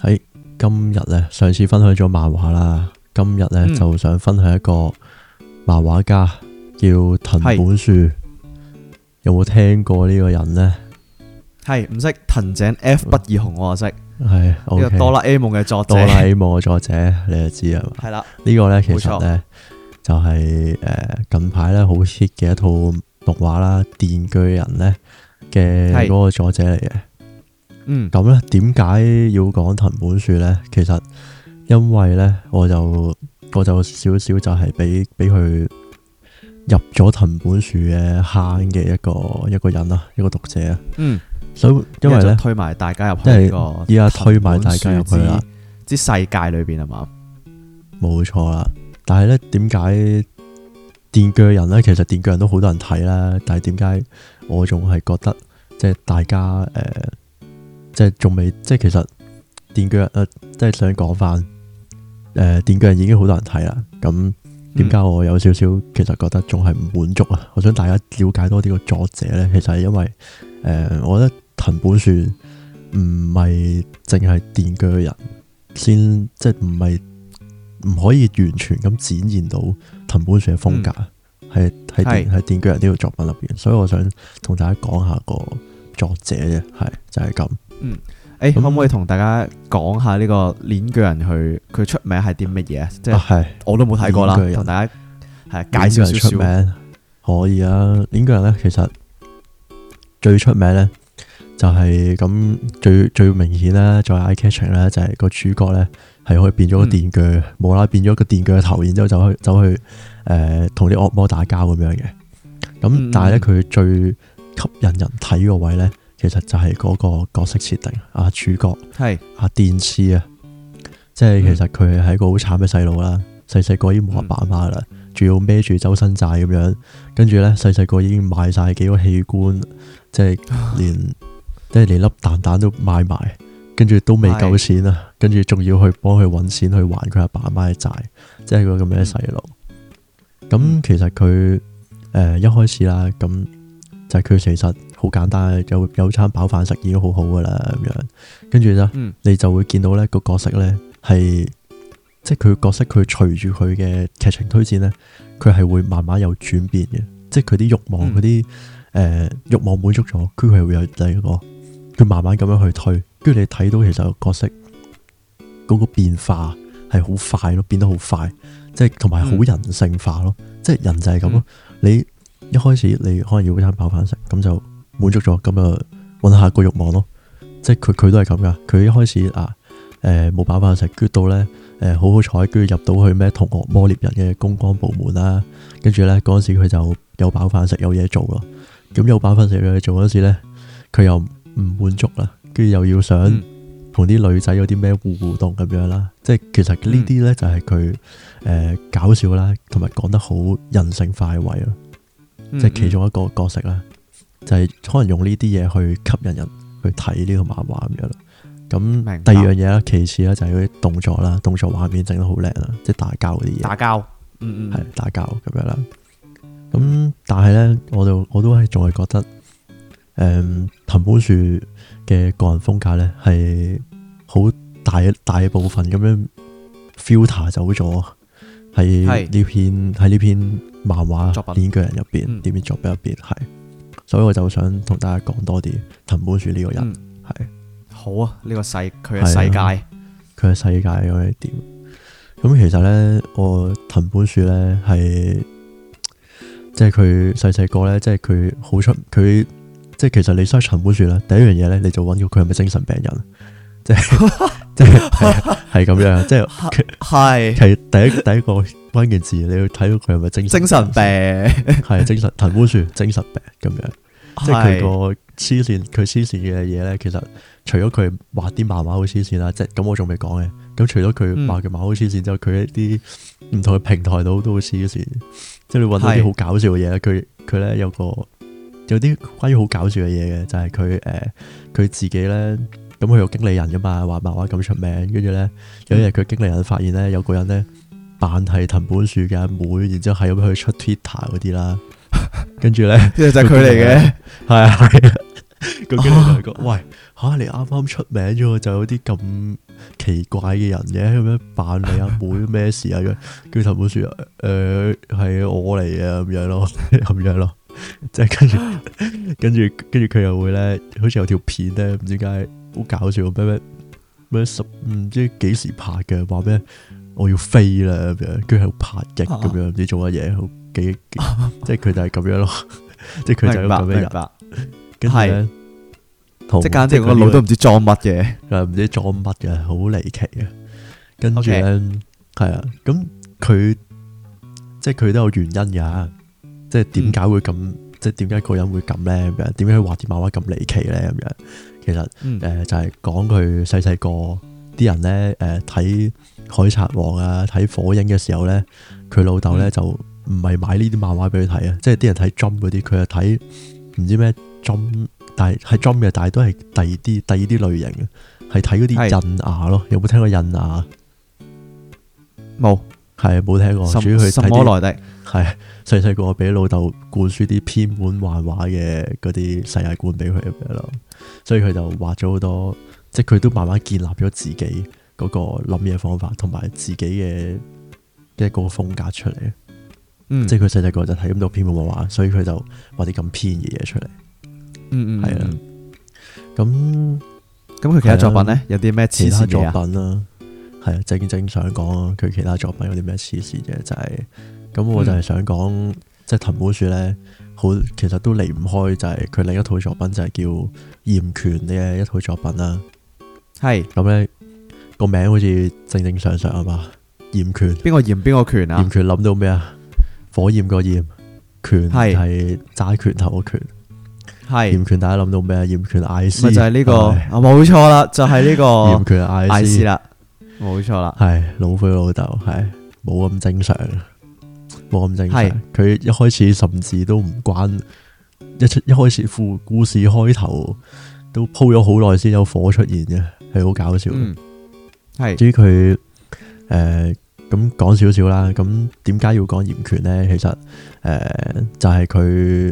喺今日呢，上次分享咗漫畫啦，今日呢，嗯、就想分享一個漫畫家叫藤本樹，是，有冇聽過呢個人呢？係唔識藤井 F 不二雄，我就，我識。係，一個哆啦 A 夢嘅作者，哆啦 A 夢嘅作者，你就知啊。嘛了？係啦，呢個咧其實咧就係、是、誒、呃、近排咧好 hit 嘅一套動畫啦，電鋸人咧嘅嗰個作者嚟嘅。嗯，咁咧點解要講藤本樹咧？其實因為咧，我就我就少少就係俾俾佢入咗藤本樹嘅坑嘅一個一個人啊，一個讀者啊。嗯。所以、so, 因為咧推埋大家入去個而家推埋大家入去啦，即世界裏邊係嘛？冇錯啦，但係咧點解電鋸人咧，其實電鋸人都好多人睇啦，但係點解我仲係覺得即係大家誒、呃，即係仲未即係其實電鋸人誒，即係想講翻誒電鋸人已經好多人睇啦，咁點解我有少少其實覺得仲係唔滿足啊？嗯、我想大家了解多啲個作者咧，其實係因為誒、呃，我覺得。藤本樹唔係淨係電鋸人先，即係唔係唔可以完全咁展現到藤本樹嘅風格，係係、嗯、電係是電鋸人呢個作品入邊。所以我想同大家講下個作者啫，係就係、是、咁。嗯，誒、欸，那可唔可以同大家講下呢個鏈鋸人？佢佢出名係啲乜嘢？即係我都冇睇過啦，同大家係介紹出名，可以啊，鏈鋸人咧，其實最出名咧。就係咁最最明顯咧，再 eye catching 咧就係、是、個主角咧係可以變咗個電鋸，嗯嗯無啦變咗個電鋸嘅頭，然之後走去走去誒同啲惡魔打交咁樣嘅。咁但係咧，佢最吸引人睇個位咧，其實就係嗰、那個角色設定啊，主角係是啊，電次啊，即係其實佢係一個好慘嘅細路啦。細細個已經冇阿爸阿媽啦，仲、嗯嗯、要孭住周身債咁樣，跟住咧細細個已經賣晒幾個器官，即係連。 [LAUGHS] 即係連粒蛋蛋都買埋，跟住，都未夠錢啊！是跟住仲要去幫佢揾錢去還佢阿爸阿媽嘅債，即係嗰個咁嘅細路。咁、嗯、其實佢誒、呃、一開始啦，咁就係佢其實好簡單，有有餐飽飯食已經好好噶啦咁樣。跟住咧，嗯、你就會見到呢、呢個角色呢，係即係佢角色，佢隨住佢嘅劇情推進呢，佢係會慢慢有轉變嘅，即係佢啲欲望，嗰啲誒欲望滿足咗，佢係會有第個。慢慢咁樣去推，跟住你睇到其實個角色嗰個變化係好快咯，變得好快，即係同埋好人性化咯。即係人就係咁咯。你一開始你可能要餐飽飯食，咁就滿足咗咁啊，搵下一個欲望咯。即係佢佢都係咁噶。佢一開始啊，誒冇飽飯食，跟到咧誒好好彩，跟、呃、住入到去咩同惡魔獵人嘅公關部門啦，跟住咧嗰陣時佢就有飽飯食，有嘢做咯。咁有飽飯食有嘢做嗰陣時咧，佢又。唔滿足啦，嗯、跟住又要想同啲女仔有啲咩互動咁樣啦，即係其實呢啲咧就係佢誒搞笑啦，同埋講得好人性快慰啦，嗯嗯，即係其中一個角色啦，就係、是、可能用呢啲嘢去吸引人去睇呢個漫畫咁樣咯。咁白第二樣嘢啦，其次啦就係嗰啲動作啦，動作畫面整得好靚啦，即係打交嗰啲嘢，打交，嗯嗯，係打交咁樣啦。咁但係咧，我就我都係仲係覺得。誒，um, 藤本樹嘅個人風格咧，係好大大部分咁樣 filter 走咗，喺呢篇喺呢篇漫畫作品鏈鋸人入邊，呢篇、嗯、作品入邊係，所以我就想同大家講多啲藤本樹呢個人係、嗯、是好啊，呢、這個世佢嘅世界，佢嘅、啊、世界應該係點？咁其實咧，我藤本樹咧係即係佢細細個咧，即係佢好出佢。即係其實你 search 藤本樹咧，第一樣嘢咧，你就揾到佢係咪精神病人？即係即係係咁樣，即係係係第第一個關鍵字，你要睇到佢係咪精神精神病？係精神藤本樹，精神病咁樣。即係佢個黐線，佢黐線嘅嘢咧，其實除咗佢畫啲漫畫好黐線啦，即係咁我仲未講嘅。咁除咗佢畫嘅漫畫好黐線之後，佢一啲唔同嘅平台度都好黐線。即係你揾到啲好搞笑嘅嘢咧，佢佢咧有個。有啲關於好搞笑嘅嘢嘅，就係佢誒，佢、呃、自己咧，咁佢有經理人噶嘛，畫漫畫咁出名，跟住咧有一日佢經理人發現咧有個人咧扮係藤本樹嘅阿妹，然之後係咁去出 Twitter 嗰啲啦，跟住咧， [LAUGHS] 就呢就係佢嚟嘅，係啊， [LAUGHS] 個經理人講，喂，吓、啊、你啱啱出名咗，就有啲咁奇怪嘅人嘅，咁樣扮你阿妹咩 [LAUGHS] 事啊？咁叫藤本樹，誒、呃，係我嚟嘅。咁樣咯，咁樣咯。即係跟住，跟住，跟住佢又會咧，好似有條片咧，唔知解好搞笑，咩咩咩十唔知幾時拍嘅，話咩我要飛啦咁、啊啊、樣，跟住喺度拍翼咁樣，唔知做乜嘢，好幾即係佢就係咁樣咯，即係佢就係咁樣。明白，係，即係簡直我個腦都唔知裝乜嘢，唔知裝乜嘅，好離奇啊！跟住咧，係啊，咁佢即係佢都有原因噶。即係點解會咁？嗯、即係點解一個人會咁咧？咁樣點解佢畫啲漫畫咁離奇咧？咁樣其實誒、嗯呃、就係講佢細細個啲人咧誒睇呃、《海賊王》啊睇《火影》嘅時候咧，佢老豆咧就唔係買呢啲漫畫俾佢睇啊！即係啲人睇《針》嗰啲，佢係睇唔知咩《針》，但係係《針》嘅，但係都係第二啲第二啲類型嘅，係睇嗰啲印牙咯。是有冇聽過印牙？冇。係冇聽過，十主要佢睇啲，係細細個俾老豆灌輸啲偏門畫畫嘅嗰啲世界觀俾佢咁樣咯，所以佢就畫咗好多，即係佢都慢慢建立咗自己嗰個諗嘢方法，同埋自己嘅一個風格出嚟。嗯，即係佢細細個就睇咁多偏門畫畫，所以佢就畫啲咁偏嘅嘢出嚟。嗯嗯，係啊。咁咁佢其他作品咧的有啲咩？其他作品啦。係啊，正正想講佢其他作品有啲咩事事嘅，就係、是、咁，嗯、我就係想講即係藤本樹咧，好其實都離唔開就係佢另一套作品，就係叫炎拳嘅一套作品啦。係咁咧個名好似正正常常啊嘛，炎拳邊個炎邊個拳啊？炎拳諗到咩啊？火焰個炎，拳係係揸拳頭個拳，係炎是 是 拳，大家諗到咩啊？炎拳 I C 咪就係呢、這個，冇錯啦，就係、是、呢個炎 [LAUGHS] 拳 I C。啦。冇錯啦，係老灰老豆，係冇咁正常，冇咁正常。佢是一開始甚至都唔關一出，一開始故事開頭都鋪咗好耐先有火出現嘅，係好搞笑。係、嗯、至於佢誒咁講少少啦，咁、呃、點解要講炎拳咧？其實誒、呃、就係、是、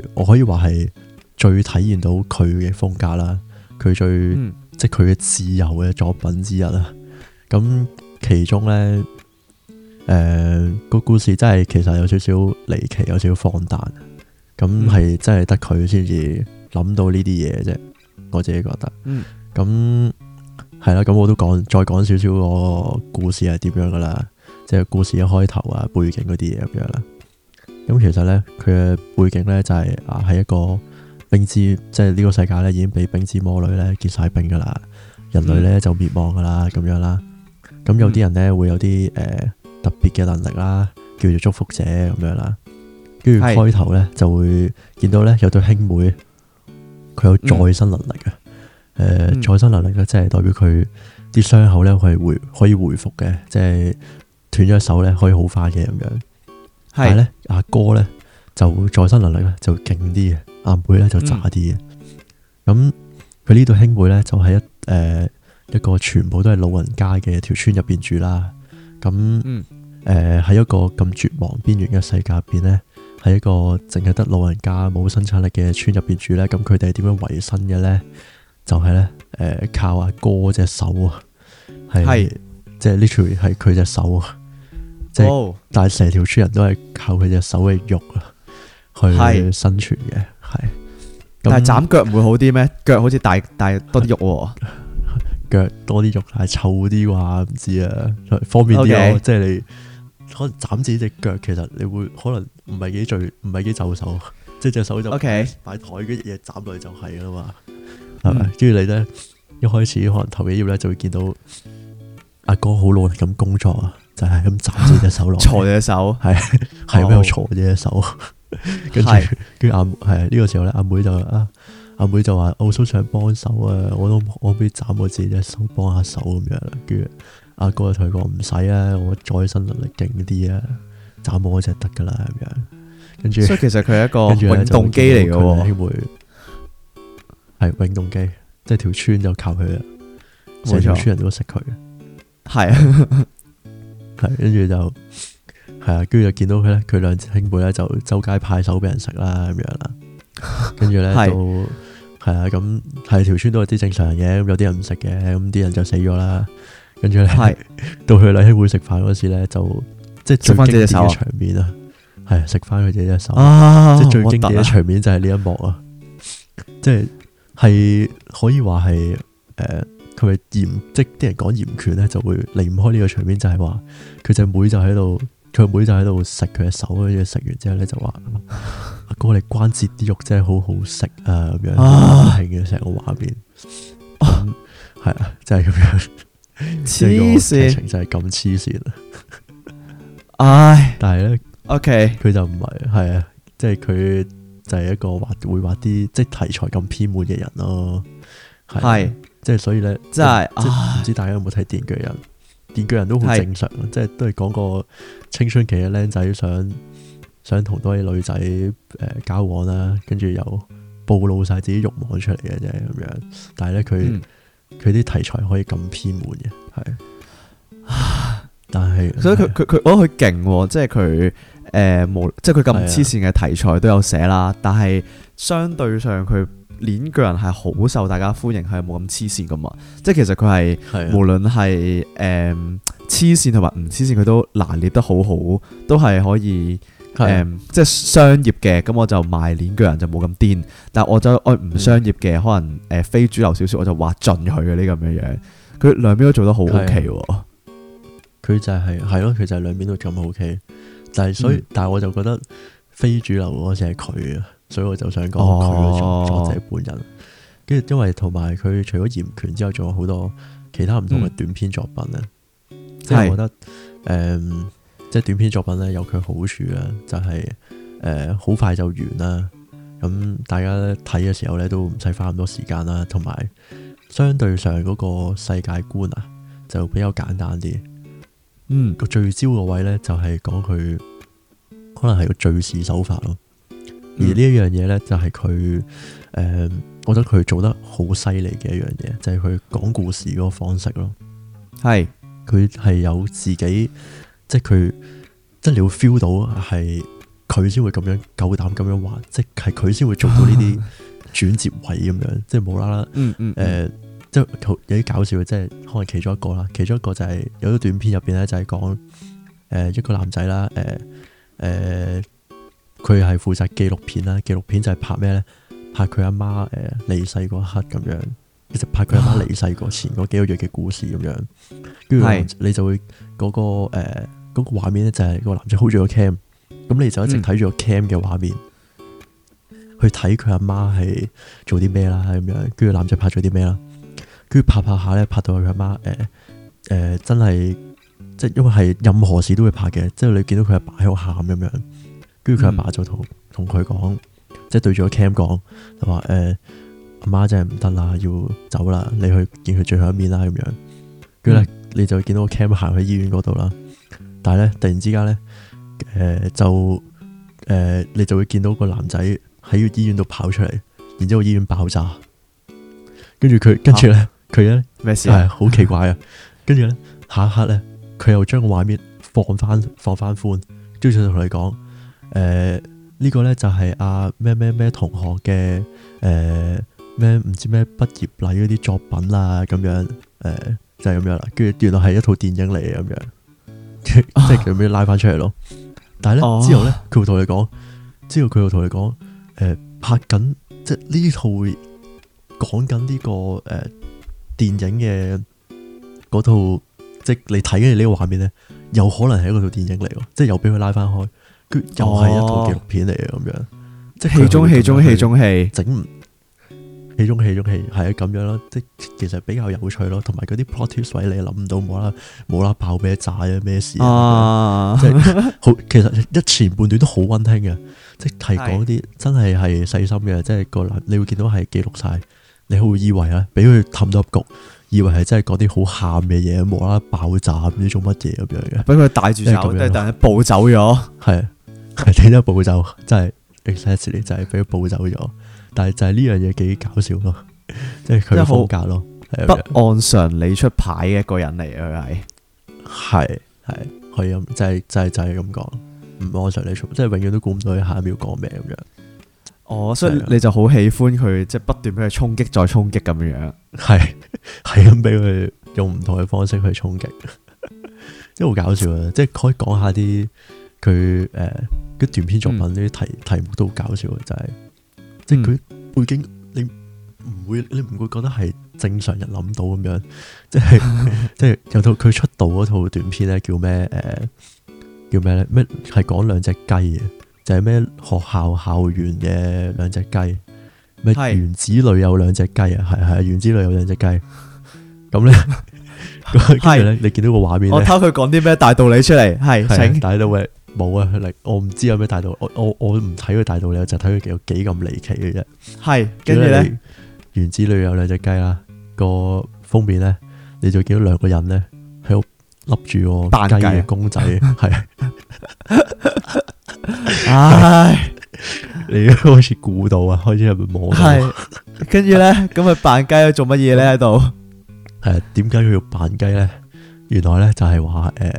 佢，我可以話係最體現到佢嘅風格啦，佢最、嗯、即係佢嘅自由嘅作品之一啦。咁其中呢誒個、呃、故事真係其實有少少離奇，有少少荒誕。咁係、嗯、真係得佢先至諗到呢啲嘢啫，我自己覺得。咁係啦，咁、啊、我都講再講少少個故事係點樣噶啦，即、就、係、是、故事一開頭啊，背景嗰啲嘢咁樣啦。咁其實呢，佢嘅背景呢就係、是、啊，係一個冰之即係呢個世界呢已經俾冰之魔女呢結晒冰噶啦，人類呢就滅亡噶啦咁樣啦。咁有啲人咧會有啲誒、呃、特別嘅能力啦，叫做祝福者咁樣啦。跟住開頭咧是 就會見到咧有對兄妹，佢有再生能力嘅。誒、嗯呃，再生能力咧即係代表佢啲傷口咧係回可以回復嘅，即係斷咗手咧可以好快嘅咁樣。係咧是，阿哥咧就再生能力咧就勁啲嘅，阿妹咧就渣啲嘅。咁佢呢對兄妹咧就係、是、一誒。就是一呃一個全部都係老人家嘅條村入邊住啦，咁誒喺一個咁絕望邊緣嘅世界入邊咧，喺一個淨係得老人家冇生產力嘅村入邊住咧，咁佢哋點樣維生嘅咧？就係、是、咧，誒、呃、靠阿哥隻手啊，係即係 literally 係佢隻手啊，即、就、係、是哦、但係成條村人都係靠佢隻手嘅肉啊去生存嘅，係是。是但係斬腳唔會好啲咩？腳好似大大，大多啲肉。腳多啲肉，但係臭啲話唔知啊，方便啲咯。Okay. 即係你可能斬自己隻腳，其實你會可能唔係幾最，唔係幾就手，即係隻手就 OK 擺台啲嘢斬落去就係啦嘛，係咪、嗯？跟住你咧，一開始可能頭幾頁咧就會見到阿哥好努力咁工作啊，就係咁斬自己隻手落，銼隻 [LAUGHS] 手，係係邊度銼隻手？跟住跟住阿係呢個時候咧，阿、啊、妹、妹就啊。阿妹就話：我都想幫手啊，我都我俾斬我自己隻手幫下手咁樣啦。跟住、啊、阿哥就同佢講，唔使啊，我再生能力勁啲啊，斬我隻得噶啦咁樣。跟住，所以其實佢係一個永後動機嚟嘅，運哦、兄妹係永動機，即係條村就靠佢啦，成村人都識佢沒錯。 [LAUGHS] 係啊，係跟住就係啊，跟住就見到佢咧，佢兩隻兄妹咧就周街派手俾人食啦，咁樣啦。跟住咧，到，係啊，咁係條村都係啲正常人嘅，咁有啲人唔食嘅，咁啲人就死咗啦。跟住咧，到佢兩兄妹食飯嗰時咧，就即係食翻自己手啊！係食翻佢自己手啊！即係最經典嘅場面就係呢一幕啊！即係係可以話係誒，佢炎即啲人講炎拳咧，就會離唔開呢個場面，就係話佢隻妹就喺度，佢阿妹就喺度食佢嘅手，跟住食完之後咧就話。哥，你關節啲肉真係好好食啊！咁樣啊，係嘅，成個畫面啊，係啊，真係咁樣，黐線就係咁黐線啊！唉，但係咧，OK，佢就唔係，係啊，即係佢就係一個畫會畫啲即係題材咁偏門嘅人咯，係，即係所以咧，即係唔知大家有冇睇電鋸人？電鋸人都好正常，即係都係講個青春期嘅僆仔想。想同多啲女仔誒、呃、交往啦、啊，跟住又暴露晒自己欲望出嚟嘅啫，咁樣。但係咧，佢佢啲題材可以咁偏門嘅係，但係所以佢佢佢我覺得佢勁、哦，即係佢誒無即係佢咁黐線嘅題材都有寫啦。是的 但係相對上佢鏈鋸人係好受大家歡迎，係冇咁黐線噶嘛。即係其實佢係無論係誒黐線同埋唔黐線，佢、呃、都拿捏得好好，都係可以。誒，um, 是即係商業嘅，咁我就賣鏈鋸人就冇咁癲，但係我就我唔商業嘅，嗯、可能誒、呃、非主流小說我就畫進佢嘅呢咁嘅樣，佢兩邊都做得好 OK，佢、哦啊、就係係咯，佢、啊、就係兩邊都咁 OK，但係所以、嗯、但係我就覺得非主流嗰隻係佢啊，所以我就想講佢嘅作者本人，跟住、哦、因為同埋佢除咗炎拳之外，仲有好多其他唔同嘅短篇作品咧，即係、嗯、我覺得誒。嗯即係短篇作品咧，有佢好處啦、就是，就係誒好快就完啦。咁大家睇嘅時候咧，都唔使花咁多時間啦。同埋相對上嗰個世界觀啊，就比較簡單啲。嗯，個聚焦個位咧，就係講佢可能係個敘事手法咯。嗯、而呢一樣嘢咧，就係佢誒，我覺得佢做得好犀利嘅一樣嘢，就係佢講故事嗰個方式咯。係，佢係有自己。即係佢，即係你會 feel 到係佢先會咁樣夠膽咁樣玩，即係佢先會捉到呢啲轉折位咁樣，即係無啦啦，誒、嗯，即係有啲搞笑嘅，即係可能其中一個啦，其中一個就係、是、有啲短片入邊咧，就係講誒一個男仔啦，誒、呃、誒，佢、呃、係負責紀錄片啦，紀錄片就係拍咩咧？拍佢阿媽誒、呃、離世嗰刻咁樣，一直拍佢阿媽,媽離世嗰前嗰幾個月嘅故事咁樣，跟住你就會嗰、那個誒。呃嗰個畫面咧就係個男仔 hold 住個 cam，咁你就一直睇住個 cam 嘅畫面、嗯、去睇佢阿媽係做啲咩啦，咁樣跟住男仔拍咗啲咩啦，跟住拍拍下咧拍到佢阿媽誒誒真係即係因為係任何事都會拍嘅，即係你見到佢阿爸喺度喊咁樣，跟住佢阿爸就同同佢講，即係對住個 cam 講，就話誒阿媽真係唔得啦，要走啦，你去見佢最後一面啦，咁樣跟住咧你就見到個 cam 行去醫院嗰度啦。但係咧，突然之間咧，誒、呃、就誒、呃，你就會見到個男仔喺個醫院度跑出嚟，然之後醫院爆炸，跟住佢跟住咧，佢咧咩事係、啊哎，好奇怪啊！ [LAUGHS] 跟住咧，下一刻咧，佢又將個畫面放翻放翻寬，跟住想同你講誒，呢、呃這個咧就係阿咩咩咩同學嘅誒咩唔知咩畢業禮嗰啲作品啦，咁樣誒、呃、就係、是、咁樣啦。跟住原來係一套電影嚟嘅，咁樣。 [LAUGHS] 即係佢俾拉翻出嚟咯，啊、但係咧之後咧佢又同你講，之後佢又同你講，誒、呃、拍緊即係呢套講緊呢個誒、呃、電影嘅嗰套，即係你睇嘅呢個畫面咧，有可能係嗰套電影嚟嘅，即係又俾佢拉翻開，佢又係一套紀錄片嚟嘅咁樣，即係戲、哦、中戲中戲中戲整其中其中其中係啊咁樣咯，即其實比較有趣咯，同埋嗰啲 plot twist 你諗唔到，冇啦冇啦爆咩炸啊咩事啊，即係 [LAUGHS] 好其實一前半段都好溫馨嘅，即係講啲真係係細心嘅，即係是個男你你會見到係記錄晒，你會你以為啊俾佢氹到入局，以為係真係講啲好喊嘅嘢，冇啦爆炸唔知做乜嘢咁樣嘅，俾佢帶住走，即係但係步走咗，係係點樣步走，真係 unexpected 就係俾佢步走咗。 [LAUGHS] 但係就係呢樣嘢幾搞笑咯，即係佢風格咯，不按常理出牌嘅一個人嚟啊，係係係，佢咁就係就係就係咁講，唔按常理出，即係永遠都估唔到佢下一秒講咩咁樣。哦，所以你就好喜歡佢，即係不斷俾佢衝擊，再衝擊咁樣，係係咁俾佢用唔同嘅方式去衝擊，都好 [LAUGHS] [LAUGHS] 搞笑啊！即係 [LAUGHS] 可以講下啲佢誒，啲短篇作品啲題題目都好搞笑啊，就係、是。即佢背景你唔會，你唔會覺得係正常人諗到咁樣，即係 [LAUGHS] 即係有套佢出道嗰套短片咧、呃，叫咩誒？叫咩咧？咩係講兩隻雞嘅？就係、是、咩學校校園嘅兩隻雞？咩園是子裏有兩隻雞啊？係係園子裏有兩隻雞。咁咧，係你見到個畫面，我睇佢講啲咩大道理出嚟？係係 [LAUGHS] 大道理。冇啊！嚟，我唔知有咩大道理，我我我唔睇佢大道理，就睇佢幾幾咁離奇嘅啫。係，跟住咧，原子裏有兩隻雞啦。個封面咧，你就見到兩個人咧，喺度笠住扮雞嘅公仔。係，唉，你都開始估到啊？開始入咪摸？係，跟住咧，咁佢扮雞做乜嘢咧喺度？誒、 [LAUGHS] 啊，點解佢要扮雞咧？原來咧就係話誒。呃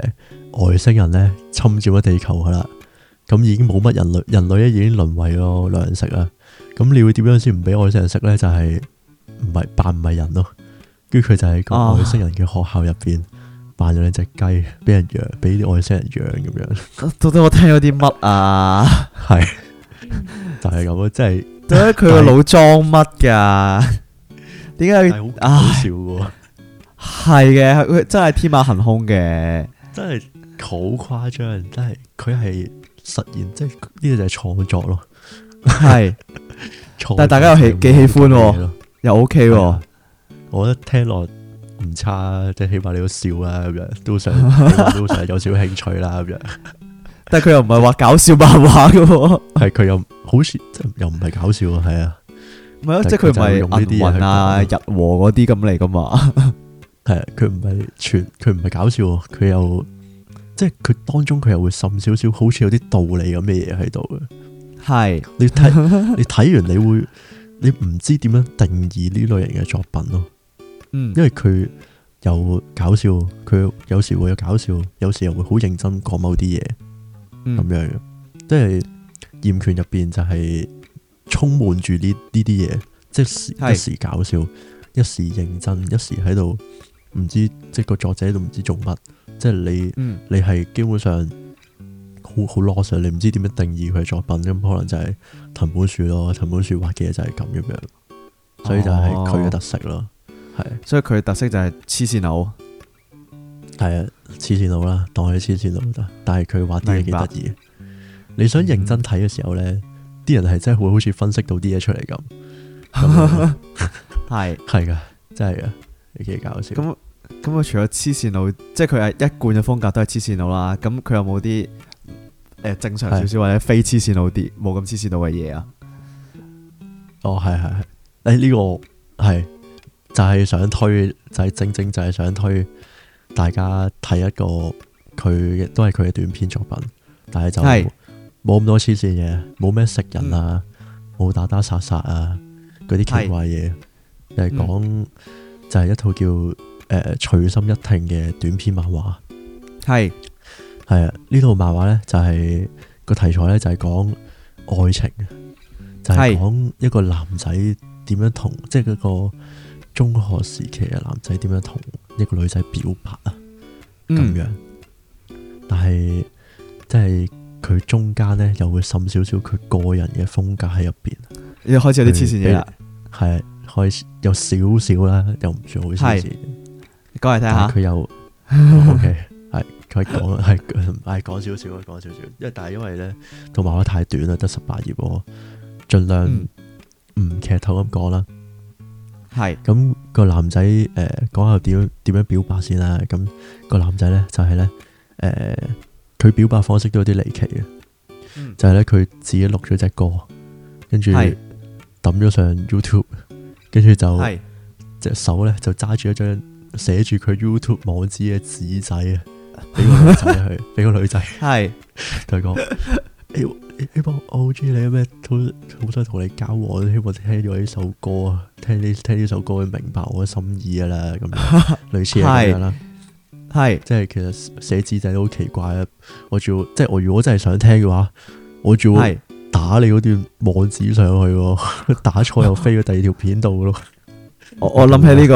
外星人咧侵佔咗地球啦，咁已經冇乜人類，人類咧已經淪為咗糧食啊。咁你會點樣先唔俾外星人食咧？就係唔係扮唔係人咯。跟住佢就喺個外星人嘅學校入邊扮咗兩隻雞，俾人養，俾啲外星人養咁樣，啊。到底我聽咗啲乜啊？係 [LAUGHS] [LAUGHS] [LAUGHS] 就係咁咯，即係。對佢個腦裝乜噶？點解？ [LAUGHS] 好笑噶。係嘅，佢真係天馬行空嘅，真係。好誇張，真係佢係實現，即係呢個就係創作咯。係，但係大家又喜幾喜歡咯，又 O K 喎。我覺得聽落唔差，即係起碼你都笑啦。咁樣都想都想有少少興趣啦，咁樣。但係佢又唔係話搞笑漫畫嘅，係佢又好似即又唔係搞笑啊。係啊，唔係啊，即係佢唔係銀魂啊，日和嗰啲咁嚟噶嘛。係啊，佢唔係全，佢唔係搞笑，佢又。即係佢當中佢又會滲少少，好似有啲道理咁嘅嘢，喺度嘅。係 [LAUGHS] 你睇你睇完你會你唔知點樣定義呢類型嘅作品咯。嗯，因為佢又搞笑，佢有時會有搞笑，有時又會好認真講某啲嘢。嗯，咁樣即係《炎拳》入邊就係充滿住呢呢啲嘢，即係一時搞笑，嗯、一時認真，一時喺度。唔知即係個作者都唔知做乜，即係你、嗯、你係基本上好好囉嗦，lost，你唔知點樣定義佢嘅作品咁，可能就係藤本樹咯。藤本樹畫嘅嘢就係咁樣樣，所以就係佢嘅特色咯。係、哦是，所以佢嘅特色就係黐線佬，係啊，黐線佬啦，當佢黐線佬得，但係佢畫啲嘢幾得意。白你想認真睇嘅時候咧，啲、嗯、人係真係會好似分析到啲嘢出嚟咁。係係噶，真係噶，你幾搞笑咁。 [LAUGHS] 咁佢除咗黐線佬，即係佢係一貫嘅風格都係黐線佬啦。咁佢有冇啲誒正常少少是或者非黐線佬啲冇咁黐線佬嘅嘢啊？哦，係係係，誒、欸、呢、這個係就係、是、想推，就係、是、正正就係想推大家睇一個佢都係佢嘅短篇作品，但係就冇咁是多黐線嘢，冇咩食人啊，冇、嗯、打打殺殺啊，嗰啲奇怪嘢，是嗯、又就係講就係一套叫。誒，隨心一聽嘅短篇漫畫係係啊，呢是套漫畫咧就係、是、個題材咧就係講愛情嘅，是就係講一個男仔點樣同，是即係嗰個中學時期嘅男仔點樣同一個女仔表白啊，咁、嗯、樣。但係即係佢中間咧又會滲少少佢個人嘅風格喺入邊，一開始有啲黐線嘢啦，係開始有少少啦，又唔算好黐線。過嚟睇下，佢又 OK 係佢講，係，誒，講少少，講少少，因為但係因為咧，同埋我太短啦，得十八頁，盡量唔劇透咁講啦。係咁個男仔誒，講下點點樣表白先啦。咁個男仔咧就係咧，誒，佢表白方式都有啲離奇嘅，就係咧佢自己錄咗隻歌，跟住抌咗上 YouTube，跟住就隻手咧就揸住一張。寫住佢 YouTube 網址嘅紙仔啊，俾個女仔去。俾個女仔係大哥， [LAUGHS] [LAUGHS] 欸欸、你你幫我中意你咩，好好想同你交往，希望聽咗呢首歌，聽呢聽呢首歌，明白我嘅心意啦，咁 [LAUGHS] 類似咁樣啦，係 [LAUGHS] 是的 [LAUGHS] 即係其實寫紙仔都好奇怪啊！我仲要，即係我如果真係想聽嘅話，我仲要打你嗰段網址上去， [LAUGHS] 打錯又飛去第二條片度咯。我我諗起呢個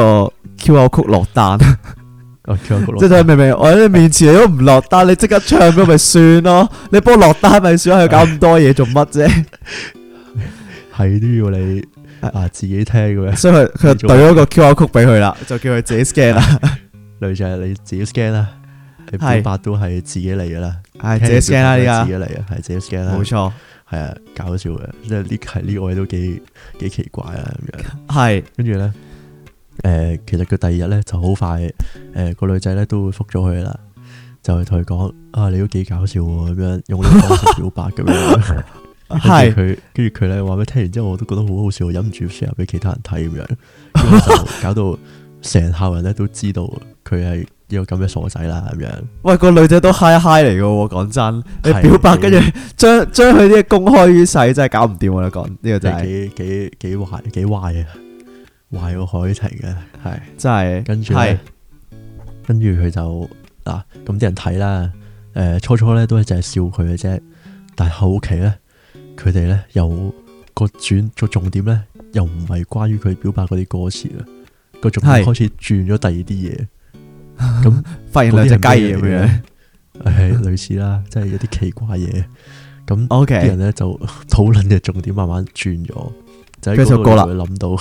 QR Code 落單，即係明明我喺你面前，你都唔落單，你即刻唱俾我咪算咯，你幫我落單咪算，去搞咁多嘢做乜啫？係都要你啊自己聽嘅。所以佢佢懟咗個 QR Code 俾佢啦，就叫佢自己 scan 啦。女仔你自己 scan 啦，你八都係自己嚟噶啦。自己 scan 啦，依家自己嚟嘅！係自己 scan 啦，冇錯。係啊，搞笑嘅，即係呢係呢個嘢都幾幾奇怪啊咁樣。係，跟住咧。誒、呃，其實佢第二日咧就好快，誒、呃、個女仔咧都會覆咗佢啦，就係同佢講啊，你都幾搞笑喎，咁樣用呢方式表白咁樣，跟住佢，跟住佢咧話咩？聽完之後我都覺得好好笑，我忍唔住 share 俾其他人睇咁樣， [LAUGHS] 然後搞到成校人咧都知道佢係一個咁嘅傻仔啦，咁樣。喂，個女仔都 high high 嚟噶，講真，你表白跟住將將佢啲公開於世，真係搞唔掂我講，呢個真係幾幾幾壞幾壞啊！壞個海婷嘅係，真係是跟住，是跟住佢就嗱咁啲人睇啦。誒、呃，初初咧都係淨係笑佢嘅啫，但係後期咧，佢哋咧又、那個轉個重點咧，又唔係關於佢表白嗰啲歌詞啦。個重點開始轉咗第二啲嘢，咁是樣 [LAUGHS] 發現兩隻雞嘢咁樣，係 [LAUGHS] 類似啦，即係有啲奇怪嘢。咁 O K 啲人咧 Okay. 就討論嘅重點慢慢轉咗，就喺嗰首歌啦，諗到。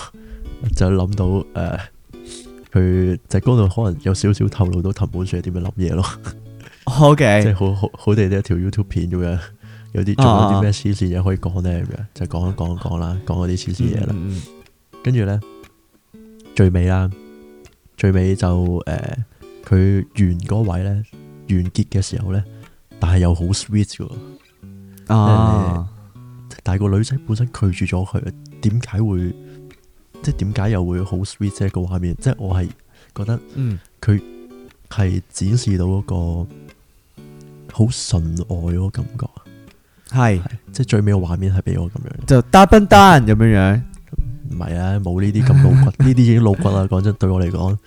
就諗到誒，佢、呃、就嗰度可能有少少透露到藤本樹係點樣諗嘢咯。OK，即係好好好地嘅一條 YouTube 片咁樣，有啲仲有啲咩黐線嘢可以講咧咁樣，啊、就講講講啦，講嗰啲黐線嘢啦。跟住咧，最尾啦，最尾就誒，佢、呃、完嗰位咧，完結嘅時候咧，但係又好 sweet 嘅。啊！呃、但係個女仔本身拒絕咗佢，點解會？即係點解又會好 sweet 嘅畫面，即係我係覺得，嗯，佢係展示到一個好純愛嘅感覺啊。係即係最尾嘅畫面係俾我咁樣，就單蹦單咁樣樣，唔係啊，冇呢啲咁老骨，呢啲 [LAUGHS] 已經老骨啦。講真，對我嚟講，啊、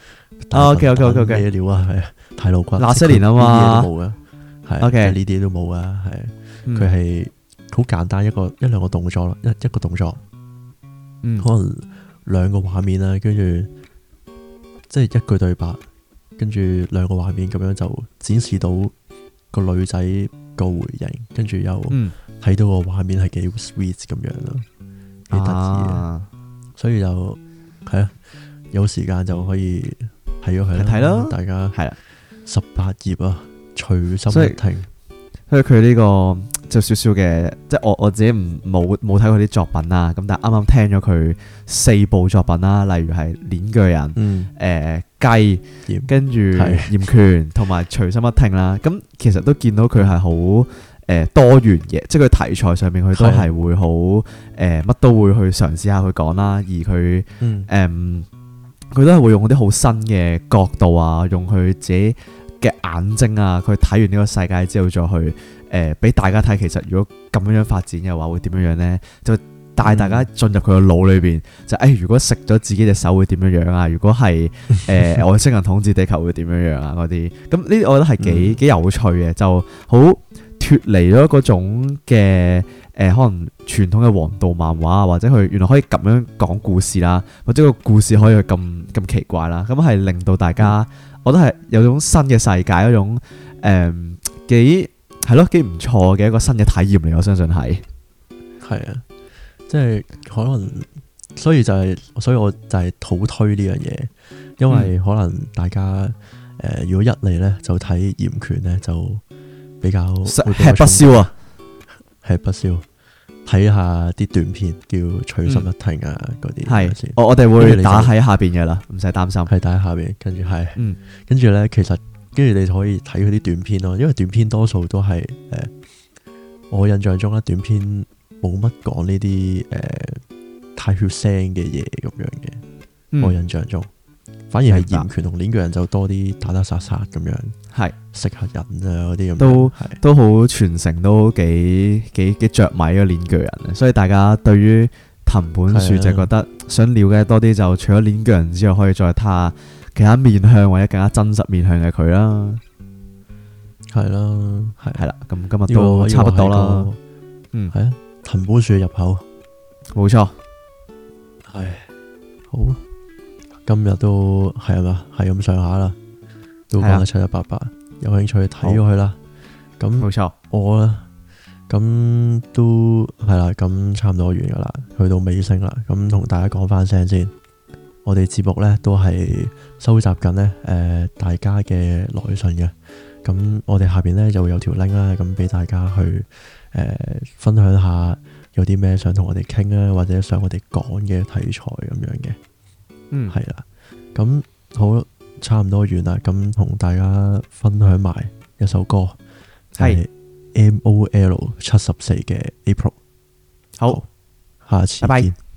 哦、，OK OK OK，咩、okay. 料啊？係太老骨那些年啊嘛，係 OK 呢啲都冇嘅，係佢係好簡單一個一兩個動作咯，一一個動作，嗯、可能。兩個畫面啦，跟住即係一句對白，跟住兩個畫面咁樣就展示到個女仔個回應，跟住又睇到個畫面係幾 sweet 咁樣咯，幾得意嘅。啊、所以就係啊，有時間就可以睇咗佢睇咯，看看大家係啦，十八頁啊，隨心一聽，所以佢呢、個。就少少嘅，即係我我自己唔冇冇睇佢啲作品啦。咁但係啱啱聽咗佢四部作品啦，例如係《鏈鋸人》、誒雞，跟住《炎拳》同埋《隨心一聽》啦，咁其實都見到佢係好誒多元嘅，即係佢題材上面佢都係會好誒乜都會去嘗試下去講啦，而佢誒佢都係會用啲好新嘅角度啊，用佢自己嘅眼睛啊，佢睇完呢個世界之後再去。誒，俾、呃、大家睇，其實如果咁樣樣發展嘅話，會點樣樣呢？就帶大家進入佢個腦裏邊，就、嗯、誒，如果食咗自己隻手會點樣樣啊？如果係誒、呃、 [LAUGHS] 外星人統治地球會點樣樣啊？嗰啲咁呢？我覺得係幾幾有趣嘅，就好脫離咗嗰種嘅誒、呃，可能傳統嘅王道漫畫，或者佢原來可以咁樣講故事啦，或者個故事可以咁咁奇怪啦。咁係令到大家，我覺得係有種新嘅世界，一種誒幾。嗯嗯係咯，幾唔錯嘅一個新嘅體驗嚟，我相信係。係啊，即係可能，所以就係、是，所以我就係好推呢樣嘢，因為可能大家誒、嗯呃，如果一嚟咧就睇炎拳咧，就比較吃不消啊，吃不消、啊。睇下啲短片叫隨心一聽啊，嗰啲係，我我哋會打喺下邊嘅啦，唔使擔心，係打喺下邊，跟住係，嗯、跟住咧其實。跟住你可以睇佢啲短片咯，因為短片多數都係誒、呃，我印象中咧短片冇乜講呢啲誒太血腥嘅嘢咁樣嘅，嗯、我印象中，反而係炎拳同鏈鋸人就多啲打打殺殺咁樣，係、嗯嗯、食下人啊嗰啲咁，都都好全程，都幾幾幾着迷個鏈鋸人，所以大家對於藤本樹就覺得想了解多啲，就除咗鏈鋸人之後，可以再睇下。其他面向或者更加真實面向嘅佢啦，係啦，係係啦，咁今日都差不多啦，個個嗯，係啊，藤本樹嘅入口，冇錯錯，係好，今日都係啊嘛，係咁上下啦，都講得七七八八,八，啊、有興趣睇落去啦，咁冇錯，那錯我咧，咁都係啦，咁、啊、差唔多完噶啦，去到尾聲啦，咁同大家講翻聲先。我哋節目咧都係收集緊咧，誒、呃，大家嘅來信嘅。咁我哋下邊咧就會有條 link 啦，咁俾大家去，誒、呃，分享下有啲咩想同我哋傾啊，或者想我哋講嘅題材咁樣嘅。嗯，係啦。咁好，差唔多完啦。咁同大家分享埋一首歌，係、就係、MOL 七十四嘅 April。是好，好下次拜拜。